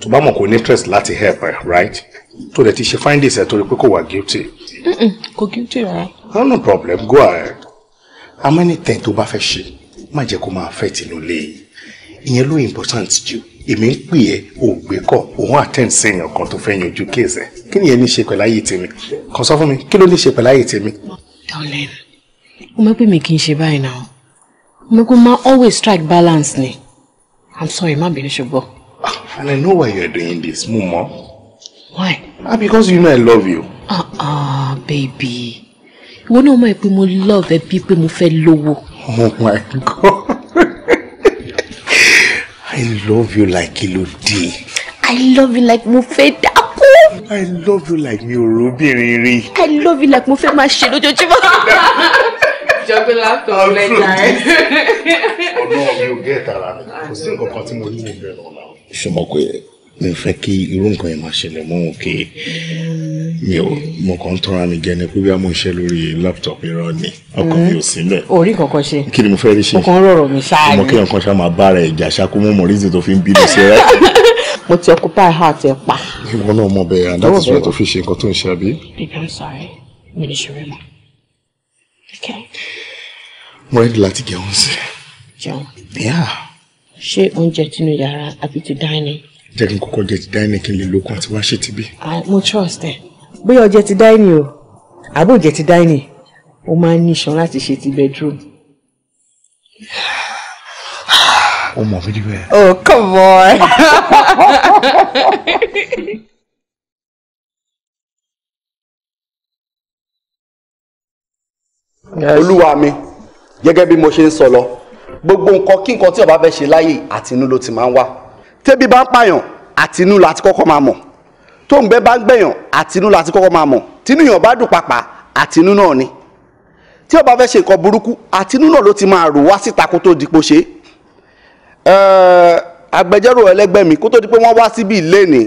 tó bá mọ̀ kò ní interest láti help ẹ right tó dẹ̀ ti ṣe findings ẹ̀ torí pé kò wà guilty. kò guilty rárá. no problem go ahead amẹ́nitẹ̀ tó bá fẹ́ ṣe má jẹ́ kó máa fẹ́ tìǹbù lé ìyẹn ló important jù èmi ń pè ẹ́ ògbé kọ̀ òun àtẹ̀ǹ sẹ́yìn ọ̀kan tó fẹ́ yanjú kéèsì ẹ̀ kí nìyẹn ní ṣe pẹ̀lú ayé tèmi kàn sọ fún mi kí ló ní ṣe pẹ̀lú ayé tèmi. darlin o mọ̀ pé mi kì í ṣe báyìí náà o mọ̀ pé máa always strike balance ni i'm sorry má bínú ṣùgbọ́n. Ah, and i know why you're doing this mo mọ̀. why. ah because you know i love you. ah ah baby ìwọ náà mọ̀ pé mo love ẹ bí pé mo fẹ́ lówó. oh my god. I love you like Kílódé. I love you like mo fẹ́ I love you like mi ò róbìnrin I love you like mo fẹ́ máa ṣe lójoojúmọ́. Jọ́gbélá tó lẹ́jà ẹ̀. Ọlọ́run mi ò gé ẹ̀ta ara mi, kò sí nǹkan kan tí mi ò fẹ́ kí irú nǹkan yẹn máa ṣẹlẹ̀ mọ́ òun mi ò mo kàn ń tọ́ra mi gẹ́ni pé bí a mú iṣẹ́ lórí laptop irọ́ ni ọkàn mi ò sí mbẹ̀. Mm-hmm. orí kankan ṣe kí ni mo fẹ́ rí ṣe mo kàn ń rọrọ̀ mi ṣáà ni mo kí nǹkan ṣáà máa bá ara ìjà ṣáko mo mọ̀ reason tó fi ń bínú sí ẹ. *laughs* mo ti occupy heart ẹ pa. ìwọ náà mọ bẹ́ẹ̀ and that is why tó fi ṣe nǹkan tó ń ṣe àbí. baby i'm sorry mi ni ṣeré mọ. mo rẹ́dí láti jẹun sí. jẹun. ṣé oúnjẹ tinú yàrá àbí ti dining jẹ́ kí n kọ́kọ́ jẹ ti dáínì kí n lè lókun àti wá ṣe ti bí. mo trust ẹ bóyá ọjẹ ti dáínì o àbí ọjẹ ti dáínì o máa ń ní iṣan láti ṣe ti bedroom. o mọ̀ mí níbẹ̀. oh come on. *laughs* olúwa mi gẹ́gẹ́ bí mo ṣe ń sọ lọ gbogbo nǹkan kí nǹkan tí o fẹ́ ṣe láyè àtinú ló ti máa ń wá tẹ́bi bá ń pààyàn àtinú láti kọ́kọ́ máa mọ̀ tó ń bẹ bá ń gbẹ̀yàn àtinú láti kọ́kọ́ máa mọ̀ tínúyàn bá dùn pàpà àtinú náà ni tí ó bá fẹ́ ṣe nǹkan burúkú àtinú náà ló ti máa rò wá síta kó tó dipò ṣe agbẹjọ́rò ẹlẹ́gbẹ́ mi kó tó di pé wọ́n wá síbi ìléènì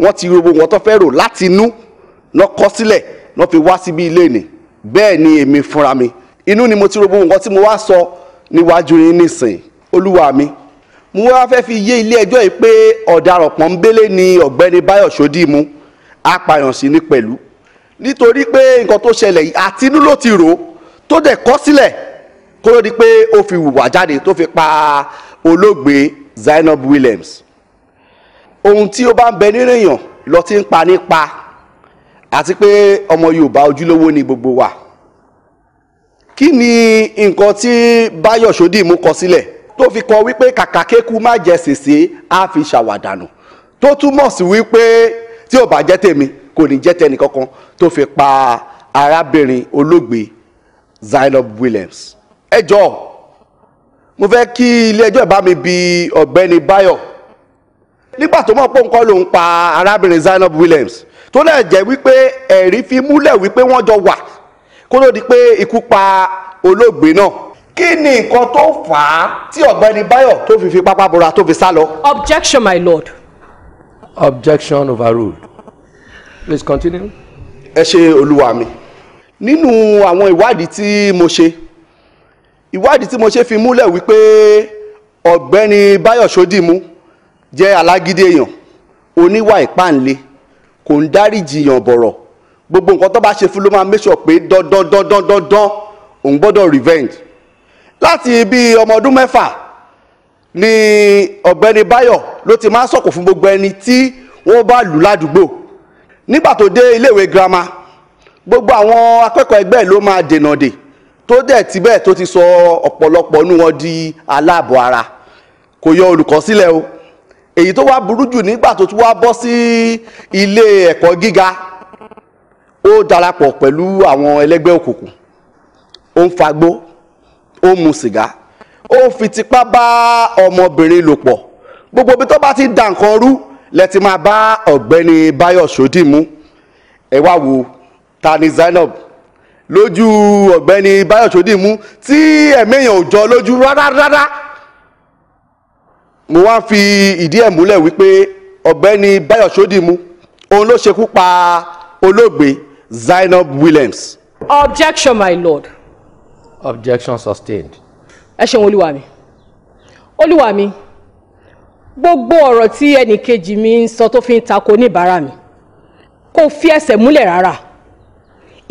wọ́n ti ro wọn tó fẹ́ rò láti inú lọ kọ́ sílẹ̀ lọ́ fi wá síbi ìléènì bẹ́ẹ̀ ni èmi fúnra mi inú ni mo ti ro wọn tí mo wá sọ níwájú yín nísìn olúwa mi mo wá fẹ́ fi yé ilé ẹjọ́ yìí pé ọ̀daràn pọ́nbélé ni ọ̀gbẹ́ni Báyọ̀ Ṣódìmú apààyàn sì ni pẹ̀lú nítorí pé nǹkan tó ṣẹlẹ̀ yìí àtinú ló ti rò ó tó dẹ̀ kọ́ sílẹ̀ kó ló di pé ó fi hùwà jáde tó fi pa olóògbé Zainab Williams ohun tí ó bá ń bẹ nínú lọ ti ń pa nípa àti pé ọmọ Yorùbá ojúlówó ni gbogbo wa kí ni nǹkan tí Báyọ̀ Ṣódìmú kọ sílẹ̀ tó fi kọ wípé kàkà kéku má jẹ sèse á fi ṣàwàdànù tó túmọ̀ sí wípé tí ò bá jẹ́ tèmi kò ní jẹ́ tẹnì kankan tó fi pa arábìnrin olóògbé Zainab Williams ẹ jọ̀ọ́ mo fẹ́ kí ilé ẹjọ́ ìbá mi bi ọ̀gbẹ́ni Báyọ̀ nígbà tó mọ̀ pé nǹkan ló ń pa arábìnrin Zainab Williams tó lè jẹ́ wípé ẹ̀rí fi múlẹ̀ wípé wọ́n jọ wà kó ló di pé ikú pa olóògbé náà kí ni nǹkan tó fà á tí ọ̀gbẹ́ni Báyọ̀ tó fi fi pápá bora tó fi sá lọ. objection my lord. objection overruled please continue. ẹ ṣe olúwa mi nínú àwọn ìwádìí tí mo ṣe ìwádìí tí mo ṣe fi múlẹ̀ wípé ọ̀gbẹ́ni Báyọ̀ Ṣódìmú jẹ́ alágídé èèyàn oníwà ìpáǹle kò ń dáríjì yàn bọ̀rọ̀ gbogbo nǹkan tó bá ṣe fún ló máa make sure pé dandan dandan dandan òun gbọ́dọ̀ revenge láti bí ọmọ ọdún mẹ́fà ni ọ̀gbẹ́ni Báyọ̀ ló ti máa ń sọ̀kò fún gbogbo ẹni tí wọ́n bá lù ládùúgbò nígbà tó dé iléèwé girama gbogbo àwọn akẹ́kọ̀ọ́ ẹgbẹ́ ló máa dènà dè tó dẹ̀ ti bẹ́ẹ̀ tó ti sọ ọ̀pọ̀lọpọ̀ nú wọn di aláàbọ̀ ara kò yọ olùkọ́ o èyí tó wá burú jù nígbà tó tún wá bọ́ sí ilé ẹ̀kọ́ gíga ó darapọ̀ pẹ̀lú àwọn ẹlẹ́gbẹ́ òkùnkùn ó ń fagbó ó mu sìgá ó fi tipá bá ọmọbìnrin lò pọ̀ gbogbo ibi tó bá ti dà nǹkan rú lẹ ti máa bá ọ̀gbẹ́ni Báyọ̀ Ṣódìmú ẹ wá wo ta ni Zainab lójú ọ̀gbẹ́ni Báyọ̀ Ṣódìmú tí ẹ̀mí èèyàn ò jọ lójú rárá mo wá fi ìdí ẹ̀ múlẹ̀ wípé ọ̀gbẹ́ni Báyọ̀ Ṣódìmú òun ló ṣekú pa olóògbé Zainab Williams. Objection, my lord objection sustained. ẹ ṣeun olúwa mi olúwa mi gbogbo ọ̀rọ̀ tí ẹnìkejì mi ń sọ tó fi ń tako oníbàárà mi kò fi ẹsẹ̀ múlẹ̀ rárá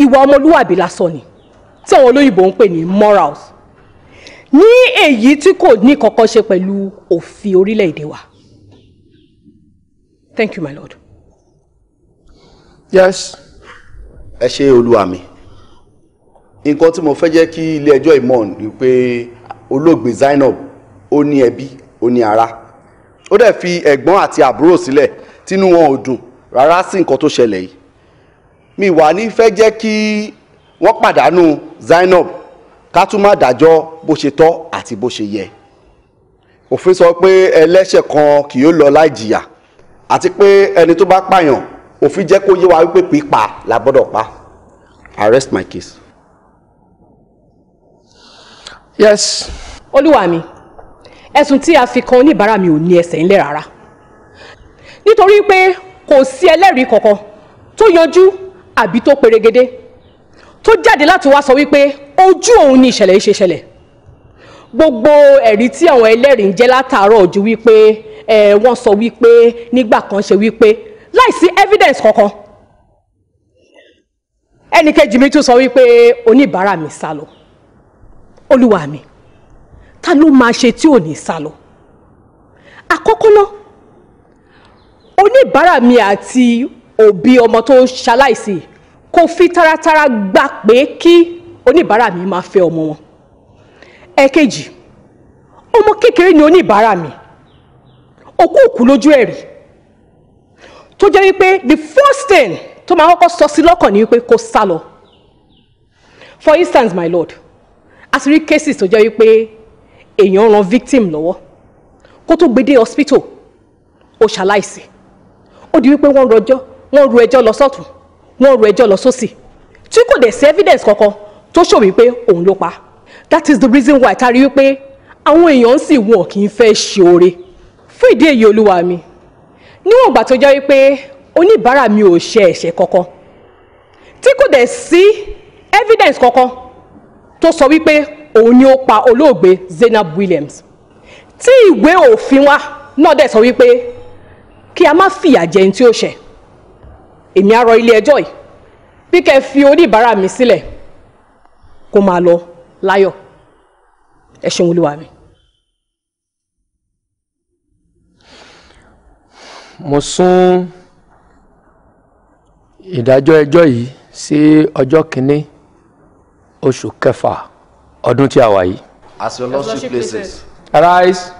ìwà ọmọlúwàbí lásán ni tí àwọn olóyìnbó ń pè ní morals ní èyí tí kò ní kankan ṣe pẹ̀lú òfin orílẹ̀-èdè wa thank you my lord. yes ẹ ṣé olúwa mi nǹkan tí mo fẹ́ jẹ́ kí ilé ẹjọ́ ìmọ̀ ni pé olóògbé Zainab ó ní ẹbí ó ní ará ó dẹ̀ fi ẹ̀gbọ́n àti àbúrò sílẹ̀ tínú wọn ò dùn rárá sí nǹkan tó ṣẹlẹ̀ yìí mi wà ní fẹ́ jẹ́ kí wọ́n pàdánù Zainab ká tún má dájọ́ bó ṣe tọ́ àti bó ṣe yẹ òfin sọ pé ẹlẹ́ṣẹ̀ kan kì yóò lọ láì jìyà àti pé ẹni tó bá pààyàn òfin jẹ́ kó yé wa wípé pípa la gbọ́dọ̀ pa I my case yes. olúwa mi ẹ̀sùn tí a fi kan oníbàárà mi ò ní ẹsẹ̀ ńlẹ̀ rárá nítorí pé kò sí ẹlẹ́rìí kankan tó yanjú àbí tó perégedé tó jáde láti wá sọ wípé ojú òun ni ìṣẹ̀lẹ̀ yìí ṣe ṣẹlẹ̀ gbogbo ẹ̀rí tí àwọn ẹlẹ́rìí ń jẹ́ látàárọ̀ ojú wípé ẹ wọ́n sọ wípé nígbà kan ṣe wípé láìsí evidence kankan ẹnìkejì mi tún sọ wípé oníbàárà mi sá lọ olúwa mi ta ló máa ṣe tí ò ní sá lọ àkọ́kọ́ náà oníbàárà mi àti òbí ọmọ tó ṣaláìsí kò fi taratara gbà pé kí oníbàárà mi máa fẹ́ ọmọ wọn ẹ̀kejì ọmọ kékeré ni oníbàárà mi òkú òkú lójú ẹ̀rí tó jẹ́ wípé the first thing tó máa kọ́kọ́ sọ sí lọ́kàn ni wípé kó sá lọ for instance my lord a ti cases tó jẹ́ wípé èèyàn ran victim lọ́wọ́ kó tó gbé dé hospital ó ṣaláìsí ó di wípé wọ́n rojọ́ wọ́n ru ẹjọ́ lọ sọ́tún wọ́n ru ẹjọ́ lọ sósì tí kò dẹ̀ sí evidence kankan tó ṣò wípé òun ló pa that is the reason why ta rí wípé àwọn èèyàn sì wọn kì í fẹ́ ṣe oore fún ìdí èyí olúwa mi níwọ̀n ìgbà tó jẹ́ wípé oníbàárà mi ò ṣe ẹ̀ṣẹ̀ kankan tí kò dẹ̀ sí evidence kankan tó sọ wípé òun ni ó pa olóògbé Zainab Williams tí ìwé òfin wa náà dẹ̀ sọ wípé kí a má fìyà jẹ ẹni tí ó ṣẹ̀ èmi á rọ ilé ẹjọ́ yìí bí kẹ́ ẹ fi oníbàárà mi sílẹ̀ kó máa lọ láyọ̀ ẹ ṣeun olúwa mi. mo sún ìdájọ́ ẹjọ́ yìí sí ọjọ́ kìíní oṣù kẹfà ọdún tí a wà yìí. as your lordship places. arise.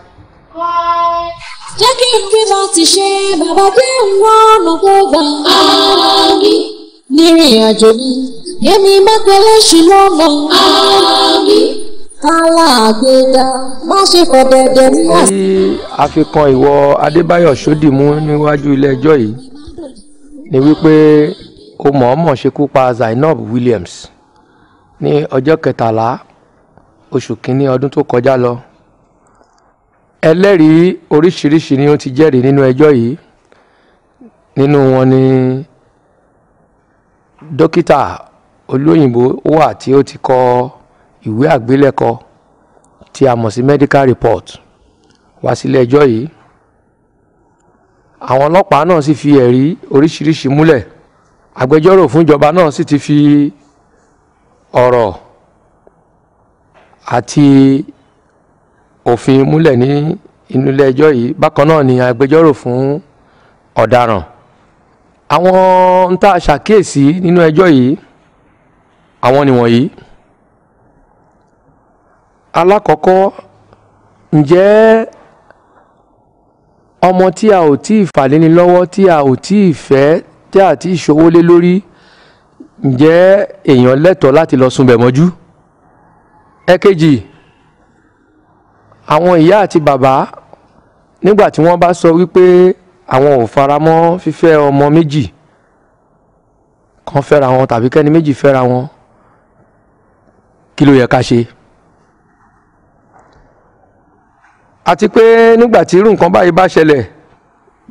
jẹ́ kí n fi láti ṣe bàbá dé ìwọ̀n ọ̀nà tó gbà ámì nírìn àjò mi èmi mẹ́tẹ̀lẹ́ ṣì lọ́nà ámì aláàgbéga má ṣe kọ dẹ̀dẹ̀ ní àṣà. àfikún ìwọ adébáyọ̀ sódìmú níwájú ilé-ẹjọ́ yìí ni wípé o mọ̀ọ́mọ̀ ṣekú pa zainab williams ní ọjọ́ kẹtàlá oṣù kínní ọdún tó kọjá lọ ẹlẹ́rìí oríṣiríṣi ni ó ti jẹ́rìí nínú ẹjọ́ yìí nínú wọn ni dókítà olóyìnbó wà tí ó ti kọ ìwé àgbélẹ̀kọ tí a mọ̀ sí medical report wá sílé ẹjọ́ yìí àwọn ọlọ́pàá náà sì fi ẹ̀rí oríṣiríṣi múlẹ̀ agbẹjọ́rò fúnjọba náà sì ti fi ọ̀rọ̀ àti òfin múlẹ̀ ní inú ẹjọ́ yìí bákan náà ni agbẹjọ́rò fún ọ̀daràn àwọn ń tá a ṣàkíyèsí nínú ẹjọ́ yìí àwọn nìwọ̀nyí alákọ̀ọ́kọ́ ǹjẹ́ ọmọ tí a ò tí ì fàléni lọ́wọ́ tí a ò tí ì fẹ́ tí a ti ṣòwò lé lórí ǹjẹ́ èèyàn lẹ́tọ̀ọ́ láti lọ sùn bẹ̀ mọ́jú ẹ̀kejì àwọn ìyá àti bàbá nígbà tí wọ́n bá sọ wípé àwọn ò fara mọ́ fífẹ́ ọmọ méjì kan fẹ́ra wọn tàbí kẹ́ni méjì fẹ́ra wọn kí ló yẹ ká ṣe àti pé nígbà tí irú nǹkan báyìí bá ṣẹlẹ̀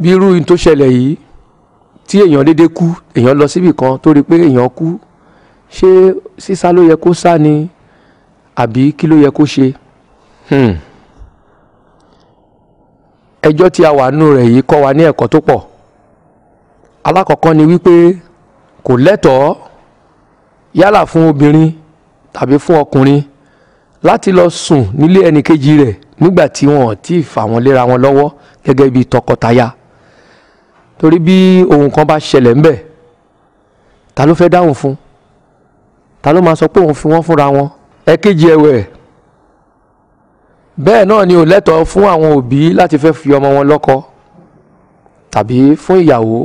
bí irú tó ṣẹlẹ̀ yìí tí èèyàn dédé kú èèyàn lọ síbì kan tó rí pé èèyàn kú ṣé sísá ló yẹ kó sá ni àbí kí ló yẹ kó ṣe. Hmm. ẹjọ́ tí a wà nù rẹ̀ yìí kọ́ wa ní ẹ̀kọ́ tó pọ̀ alákọ̀ọ́kọ́ ni wípé kò lẹ́tọ̀ọ́ yálà fún obìnrin tàbí fún ọkùnrin láti lọ sùn nílé ẹnìkejì rẹ̀ nígbà tí wọn ò tí ì fà wọ́n léra wọn lọ́wọ́ gẹ́gẹ́ bí tọkọtaya torí bí ohun kan bá ṣẹlẹ̀ ńbẹ̀ ta ló fẹ́ dáhùn fún ta ló máa sọ pé òun fi wọ́n fúnra wọn ẹ̀kejì ẹ̀wẹ̀ bẹ́ẹ̀ náà ni ò lẹ́tọ̀ọ́ fún àwọn òbí láti fẹ́ fi ọmọ wọn lọ́kọ tàbí fún ìyàwó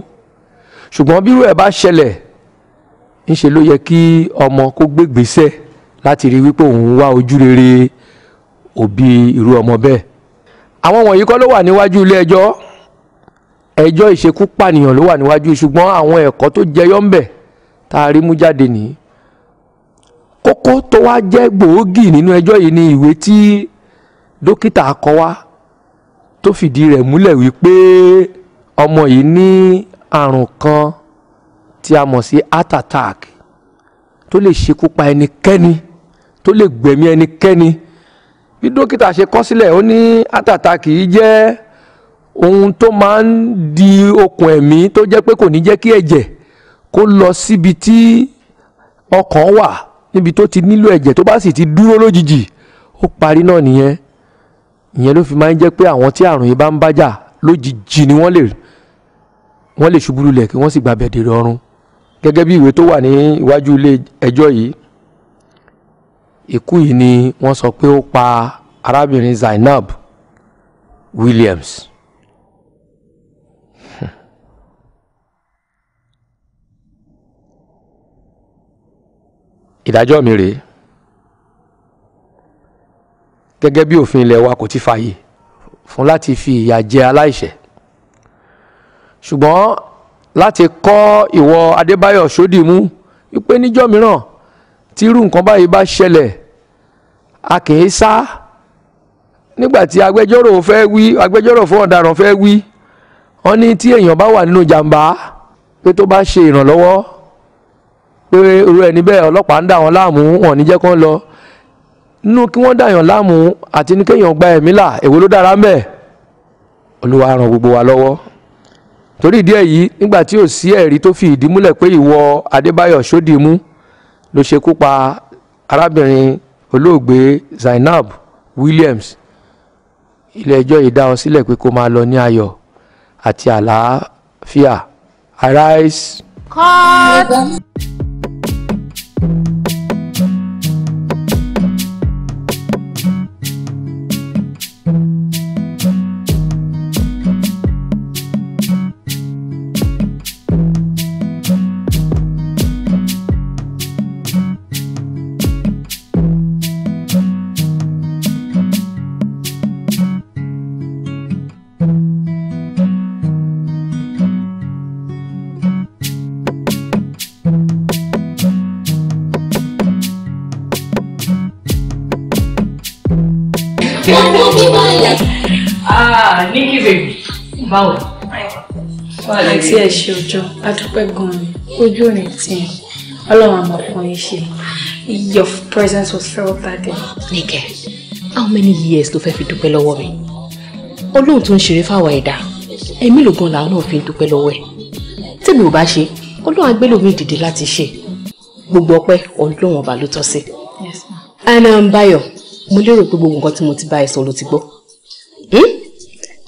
ṣùgbọ́n bírú ẹ̀ bá ṣẹlẹ̀ ńṣe ló yẹ kí ọmọ kó gbégbèsẹ̀ láti rí wípé òun wá ojú rere òbí irú ọmọ bẹ́ẹ̀ àwọn wọ̀nyí kọ́ ló wà níwájú ilé ẹjọ́ ẹjọ́ ìṣekú pànìyàn ló wà níwájú ṣùgbọ́n àwọn ẹ̀kọ́ tó jẹyọ ń bẹ̀ tá a rí mú jáde nìyí kókó tó wá jẹ́ gbòógì nínú ẹjọ́ yìí ni ìwé tí dókítà kọ wá tó fìdí rẹ̀ múlẹ̀ wípé ọmọ yìí ní àrùn kan tí a mọ̀ sí heart attack tó lè ṣekú pa ẹnikẹ́ni tó lè gbẹ̀mí ẹnikẹ́ni bí dókítà ṣe kọ sílẹ̀ ó ní heart attack yìí jẹ́ ohun tó máa ń di okùn ẹ̀mí tó jẹ́ pé kò ní jẹ́ kí ẹ̀jẹ̀ kó lọ síbi tí ọkàn wà níbi tó ti nílò ẹ̀jẹ̀ tó bá sì ti dúró lójijì ó parí náà nìyẹn ìyẹn ló fi máa ń jẹ́ pé àwọn tí àrùn yìí bá ń bájà lójijì ni wọ́n lè wọ́n lè ṣubú lulẹ̀ kí wọ́n sì gbàbẹ̀ dèrè ọrùn gẹ́gẹ́ bí ìwé tó wà ní iwájú ilé ẹjọ́ yìí ikú yìí ni wọ́n sọ pé ó pa arábìnrin Zainab Williams. ìdájọ́ mi rèé gẹ́gẹ́ bí òfin ilẹ̀ wa kò ti fààyè fún láti fi ìyà jẹ aláìṣẹ̀ ṣùgbọ́n láti kọ́ ìwọ Adébáyọ̀ Ṣódìmú wípé níjọ́ mìíràn tí irú nǹkan báyìí bá ṣẹlẹ̀ a kì í sá nígbà tí agbẹjọ́rò fẹ́ wí agbẹjọ́rò fún ọ̀daràn fẹ́ wí wọ́n ní tí èèyàn bá wà nínú jàǹbá pé tó bá ṣe ìrànlọ́wọ́ pé irú ẹni bẹ́ẹ̀ ọlọ́pàá ń dà wọ́n láàmú wọn ní jẹ́ kán lọ nínú kí wọ́n dàyàn láàmú àti ní kéèyàn gba ẹ̀mí là èwo ló dára ń bẹ̀ olúwa ràn gbogbo wa lọ́wọ́ torí ìdí èyí nígbà tí ò sí ẹ̀rí tó fi ìdí múlẹ̀ pé ìwọ Adébáyọ̀ Ṣódìmú ló ṣekú pa arábìnrin olóògbé Zainab Williams ilé ẹjọ́ yìí dá ọ sílẹ̀ pé kó máa lọ ní ayọ̀ àti àlàáfíà arise. cut. báwo. àti ẹ ṣe òjò adúpẹ́ gan-an ojú òní tiẹ̀ ọlọ́run àmọ̀ fún yín ṣe your presence was felt that day. níkẹ́ how many years ló fẹ́ fi dúpẹ́ lọ́wọ́ mi ọlọ́run tó ń ṣeré fáwọn ẹ̀dá ẹ̀mí ló gan làwọn náà fi ń dúpẹ́ lọ́wọ́ ẹ̀ tèmi ò bá ṣe ọlọ́run agbélòmí dìde láti ṣe gbogbo ọpẹ́ ọlọ́run ọba ló tọ́ sí. Yes ma. and um, Bayo mo lérò pé gbogbo nǹkan tí mo ti bá ẹ sọ ló ti gbọ́. Hmm?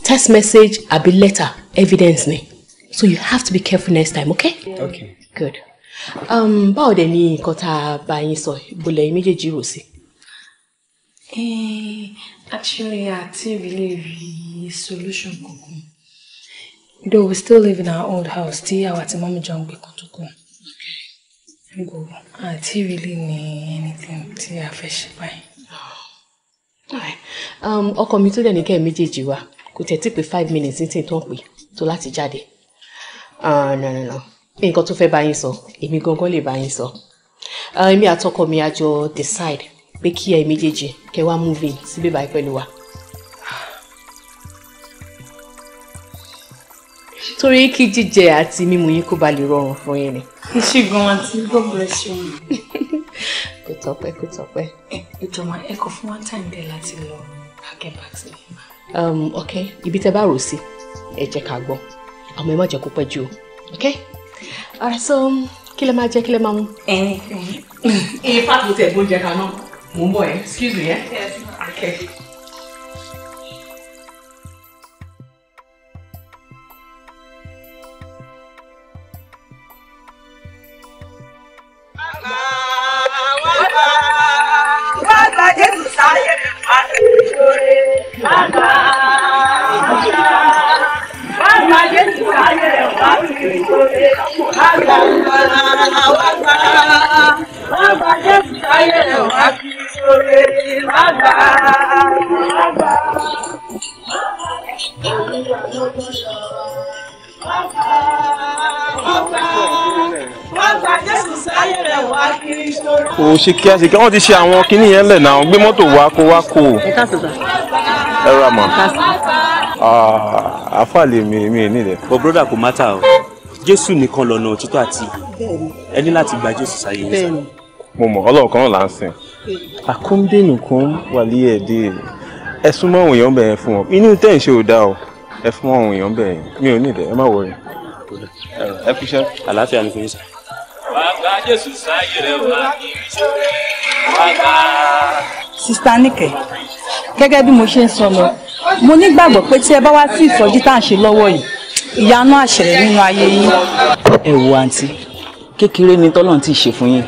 text message àbí letter evidence ni so you have to be careful next time okay. okay. good. Um, báwo dẹ̀ ni nǹkan tá a bá yín sọ ìbòlẹ̀ yín méjèèjì rò sí. Eh, actually àti really rí solution kankan though we still live in our old house tí àwa àti mọ́mí jọ ń gbé kan tó kàn go àti really ní anything tí a fẹ́ ṣe báyìí. Um, ọkọ mi tó dẹ̀ ní kẹ́ ẹ̀ méjèèjì wá kò tẹ̀ pé five minutes ní tí n tó ń pè láti jáde ah, no no no nǹkan tó fẹ́ bá yín sọ èmi gangan lè bá yín sọ ah, èmi àtọkọ mi a decide pé kí ẹ méjèèjì kẹ wá move in síbí báyìí pẹ̀lú wa. torí kí jíjẹ àti mímu yín kó ba lè rọrùn fún yín ni. ẹ ṣe gan àti god bless you. kò tọ́pẹ́ kò tọ́pẹ́. ẹ jọ̀wọ́ ẹ kọ fún one time dé láti lọ back sí i ok ibi tẹ bá rò sí ẹ jẹ́ ká gbọ́ àmọ́ ẹ má jẹ́ kó pẹ́ jù o ok alright so kí lẹ máa jẹ kí lẹ máa mú. ẹ ẹ pàtó tẹ kan náà mò ń bọ̀ ẹ excuse me ẹ. Yes. Okay. àgbà ìgbàlá wa gbà wọ́n gbà jésù káyé wá kí sórí wá gbà wá gbà. kò ṣe kí a ṣe kí wọ́n ti ṣe àwọn kinní yẹn lẹ̀ náà gbé mọ́tò wa kó wá kó ẹ ra mọ̀ ah, àfàlè mi mi nílẹ̀. bọ̀ broda kò má o jésù nìkan lọ́nà òtítọ́ àti ẹ ní láti gba jésù sáyé yín. mo mọ ọlọ́run kan là ń sìn. àkóńdé nìkan wà lé ẹdẹ ẹ súnmọ́ àwọn èèyàn bẹ̀rẹ̀ fún wọn inú tẹ̀ ń ṣe ò dá o ẹ fún àwọn èèyàn bẹ̀rẹ̀ mi ò nílẹ̀ ẹ má wọrí. ẹ kú iṣẹ́. àlàáfíà ni kò yín sà. bàbá jésù sáyé rẹ wà ní ìṣòro bàbá. sista nike gẹ́gẹ́ bí mo ṣe ń sọ lọ mo nígbàgbọ́ pé tí ẹ bá wá sí ìsọjí tá à ń ṣe lọ́wọ́ yìí ìyanu àṣírí nínú ayé yín. ẹ wo àǹtí kékeré ni tọ́lọ́run ti ṣe fún yín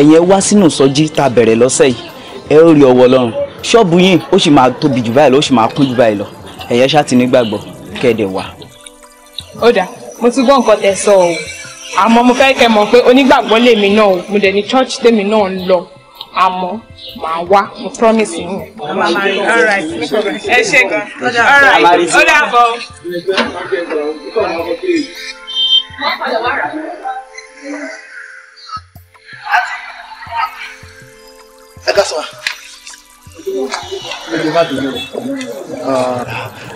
ẹ̀yin ẹ wá sínú sọ́jí tá a bẹ̀rẹ̀ lọ́sẹ̀ yìí ẹ ó rí ọwọ́ ọlọ́run ṣọ́ọ̀bù yín ó sì máa tóbi jù báyìí lọ ó sì máa kún jù báyìí lọ ẹ̀yẹ ṣáà ti nígbàgbọ́ kẹ́ẹ̀dẹ̀ wá. ó dà mo ti gbọ́ nǹkan tẹ́ sọ o àmọ́ mo fẹ́ kẹ́ mọ̀ pé onígbàgbọ́ lèmi náà mo dẹ̀ ní church tèmi náà àmọ́ màá wá mo promise yín. ẹ ṣe gan ó dàbọ̀. ẹ ká sọ wa.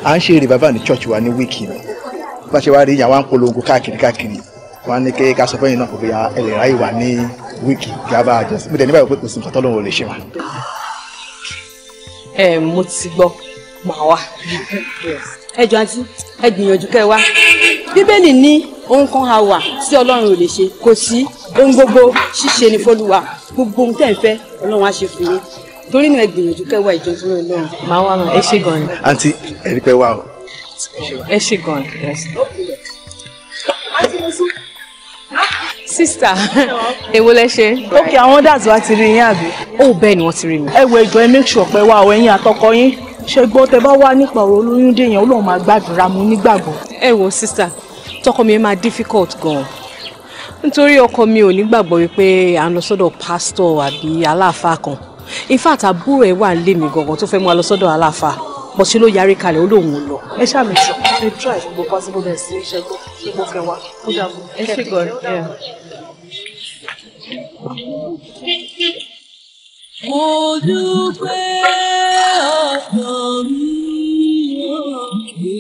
à ń ṣe èrè bàbá ní church wa ní wíìkì náà bá ṣe wá rí ìyàwó à ń polongo káàkiri káàkiri wọn á ní kí ká sọ fẹ́yìn náà kò fi ya ẹ lè wà ní wíìkì kí a bá jọ sí. mo dẹ̀ nígbà wípé kò sí nǹkan tọ́lọ́run lè ṣe wá. ẹ mo ti gbọ́ gbà wá. ẹ jọ àǹtí ẹ gbìyànjú kẹ́ wá bíbélì ní ohun kan á wà tí ọlọ́run ò lè ṣe kò sí ohun gbogbo ṣíṣe ni fọlùwà gbogbo ohun tẹ̀ ń fẹ́ ọlọ́run á ṣe fún yín torí náà gbìyànjú kẹwà ìjọ tó rẹ lọrùn. màá wà mà ẹ ṣe gan ni. àǹtí ẹ̀rí pẹ́ wà o. ẹ ṣe gan ni sista *laughs* èwo lẹ ṣe. ok àwọn dàtí wa ti rí yín àbí. ó bẹ́ẹ̀ ni wọ́n ti rí mi. ẹ wo ìjọ ẹ make sure pé wà ọ ẹ̀yin àtọkọ yín ṣe gbọ́ tẹ bá wà nípa ọ̀rọ̀ olóyún dèèyàn ó lóun máa gbàdúrà mu nígbàgbọ́. ẹ wo sista tọkọ mi máa difficult gan-an nítorí ọkọ mi ò nígbàgbọ́ wípé à ń lọ sọ́dọ̀ pásítọ̀ àbí aláàfáà kan in fact àbúrò ẹ̀ wà lé mi gangan tó fẹ́ mú wa lọ sọ́dọ̀ aláàfáà bó ṣe ló yarí kalẹ̀ ó lóun ò lọ. ẹ ṣàmì sọ ẹ try gbogbo possible best ṣe gbogbo fẹ́ wá kó dàgbò. ẹ ṣe gan Mo dúpẹ́ ọ̀pọ̀ mi òkè.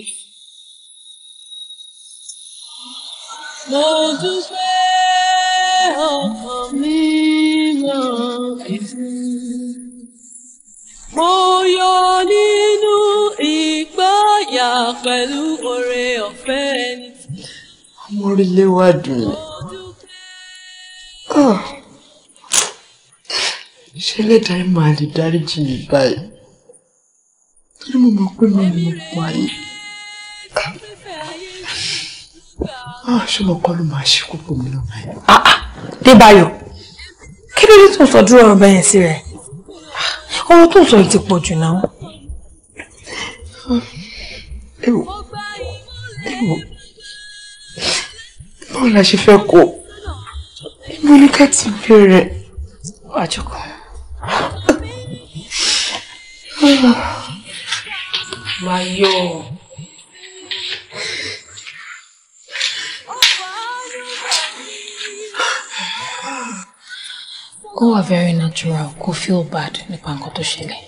Mo dúpẹ́ ọ̀pọ̀ mi òkè. Mo yọ nínú ìgbáyà pẹ̀lú oore ọ̀fẹ́ ẹni. Mo rí léwádùn. Oh ṣé lẹ́dàá ẹ̀ máa lè dáríjì mi báyìí torí mo mọ̀ pé mi ò mọ̀ pa yìí. Ah, ṣé mo kọ́ ló máa ṣe kókó mi lọ́nà yìí. Ah, ah, Débáyọ̀ kí ló dé tó ń sọ dúró ọ̀rọ̀ bẹ́yẹn sí rẹ̀ ọ̀rọ̀ tó ń sọ yìí ti pọ̀ jù náà. ewu ewu báwo la ṣe fẹ́ kó ibo ni ká ti bẹ̀rẹ̀. wàá jókòó. Mayo. Ó wà very natural kò feel bad nípa nǹkan tó ṣẹlẹ̀.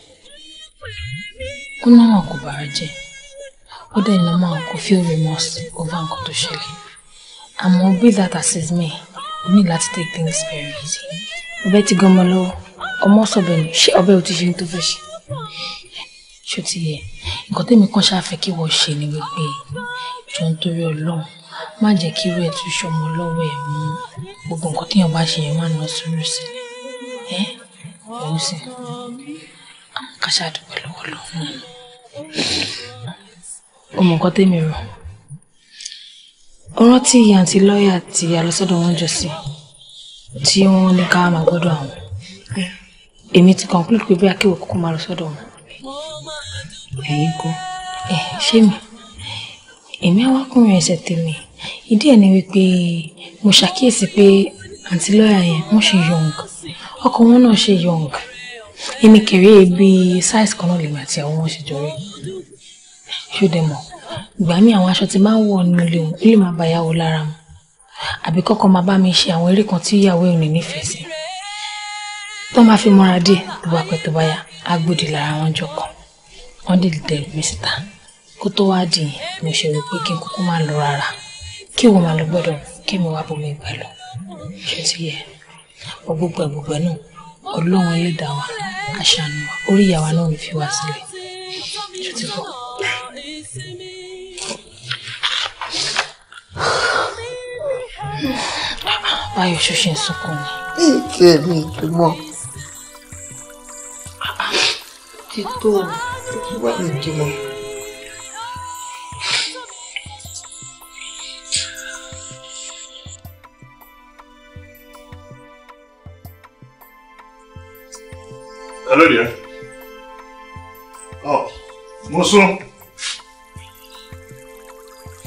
Ó náà kò bàrà jẹ́. feel remorse over nǹkan tó ṣẹlẹ̀. Àmọ́ be that as is me, o need láti take things very easy. Ọbẹ̀ ti gan ọmọ sọ̀bẹ̀ ni ṣé ọbẹ̀ ò ti ṣe ní tó fẹ́ ṣe ṣó ti yẹ nǹkan tẹ́mi kan ṣáfẹ́ kí wọ́n ṣe ni wípé jọ ń torí ọlọ́run má jẹ́ kí irú ẹ̀ tún ṣọmọ lọ́wọ́ ẹ̀ mú gbogbo nǹkan téèyàn bá ṣe yẹn má lọ sórí sí ẹ òun sì ká ṣàdúgbò lọ́wọ́ lọ́hùn ọmọ nǹkan tẹ́mi rọ ọ̀rọ̀ tí ìyá lọ́ọ̀yà ti alọ́sọ́dọ̀ wọn jọ sí tí wọ́n ní ká máa gbọ́dọ̀ àwọn èmi ti conclude pé bí akéwò kúkú máa lọ sọ́dọ̀ wọn. ẹ̀yin kọ́. ẹ ṣé mi èmi awakùnrin ẹsẹ̀ tèmi ìdí ẹ̀ ni wípé mo ṣàkíyèsí pé àǹtí lọ́ọ̀yà yẹn wọ́n ṣe yọ̀ǹg ọkọ wọn náà ṣe yọ̀ǹg èmi kẹ̀rí ebi size kan náà lèmi àti àwọn wọn ṣe jọrí ṣódẹ mọ̀ ìgbà mi àwọn aṣọ ti máa ń wọ̀ nínú ilé òun ilé máa bá yàwó lára mu àbí kọ́kọ́ máa bá mi ṣe àwọn eré kan tí ìyàwó ẹ̀ nífẹ̀ẹ́ sí tó máa fi mọ́ra díẹ̀ tó bá pẹ́ tó bá yá agbódì lára wọn jọ kan wọ́n dì dẹ̀ mí kó tó wá dì yẹn mo ṣe rò pé kí n kúkú máa lọ rárá kí òun máa lọ gbọ́dọ̀ kí mi wá bomi ìgbà lọ ṣe ti yẹ ọ gbogbo ẹ gbogbo ẹ náà ọlọ́run ẹlẹ́dàá wa aṣàánú wa orí ìyàwó náà ló fi wá sílẹ̀ ṣe ti bọ̀. *sighs* báyọ̀ ṣe ń sunkún ni. ìṣèlú ìtumọ̀. Ты кто? Ладно, Дима. Hello there. Oh, Musu.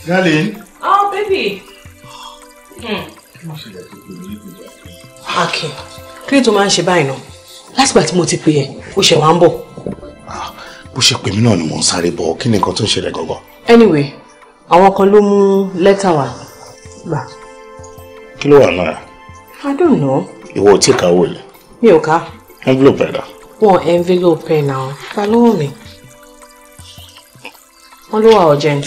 Darling. Oh, baby. Hmm. Akin, kí ló tó máa ń ṣe báyìí náà? Lásìgbà tí mo bó ṣe pè náà ni mò ń sáré bọ̀ kí ni tó ń ṣẹlẹ̀ gangan. anyway àwọn kan ló mú lẹ́tà wá gbà. kí ló wà náà. i don't know. ìwọ ò tí ì kàwé yìí. mi ò ká. envelope ẹ̀ dà. wọn envelope ẹ̀ náà ta lọ́wọ́ mi wọ́n ló wà urgent.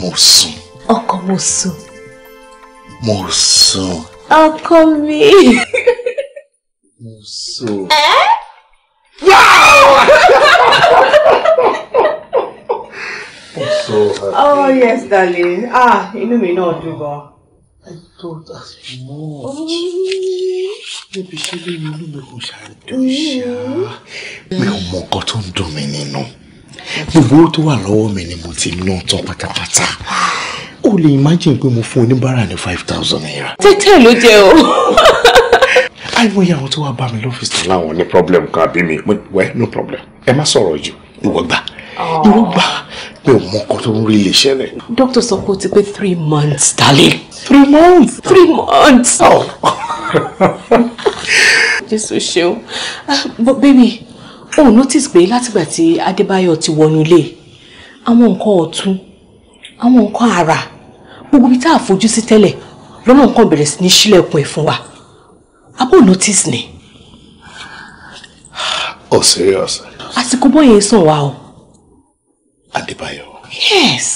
Moose. Mọ̀sùn. Mọ̀sùn. Ọkọ mi. Mọ̀sùn. Ẹ́. Wow! I'm Oh yes, darling. Ah, inú mi náà dùn gan. I thought as much. Mm-hmm. Níbi ṣe lè ní inú mi kò ṣàdùn ṣá. Mm-hmm. Mi ò mọ nǹkan tó ń dùn mí nínú. Gbogbo owó tó wà lọ́wọ́ mi ni mo ti ná tán pátápátá o lè imagine pé mo fún oníbàárà ní five thousand naira. tẹ́tẹ́ ló jẹ́ o. àìmọye àwọn tó wá bá mi lọ́fíìsì tó láwọn ní problem kan àbí mi wẹ́ no problem ẹ má sọ̀rọ̀ jù ìwọ gbà oh. ìwọ gbà pé o mọ ọkọ tó ń rí ilé iṣẹ́ rẹ̀. doctor sọ pé o ti pé three months darling. three months. three months. Oh. *laughs* jésù ṣeun ah, baby o oh, notice pé látìgbà tí adébáyọ̀ ti wọnú ilé àwọn nǹkan ọ̀tun àwọn nǹkan ara gbogbo ibi tá a fojú sí tẹ́lẹ̀ lọ́nà nǹkan bẹ̀rẹ̀ sí ní ṣílẹ̀kùn ẹ̀ fún wa abó notice ni. oh serious. àsìkò bọ́yẹn ń sàn wá o. Adébáyọ̀. yes.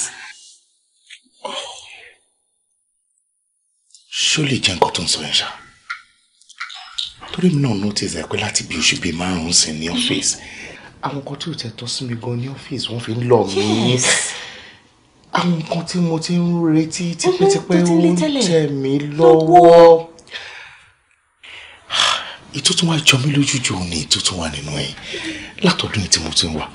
ṣó lè jẹ́ nǹkan tó ń sọ yẹn ṣá torí mi náà notice ẹ pé láti bí oṣù bíi márùn-ún sí ní mm-hmm. ọ́fíìsì àwọn kan tí ò tẹ́ tọ́ sí mi gan ní ọ́fíìsì wọ́n fi ń lọ mí. yes àwọn nǹkan tí mo ti ń retí tipẹ́tipẹ́ mhm, ó ń tẹ̀ mí lọ́wọ́ ìtútù wa jọ mí lójújù ni ìtútù wa nínú ẹ látọdún yìí tí mo ti ń wà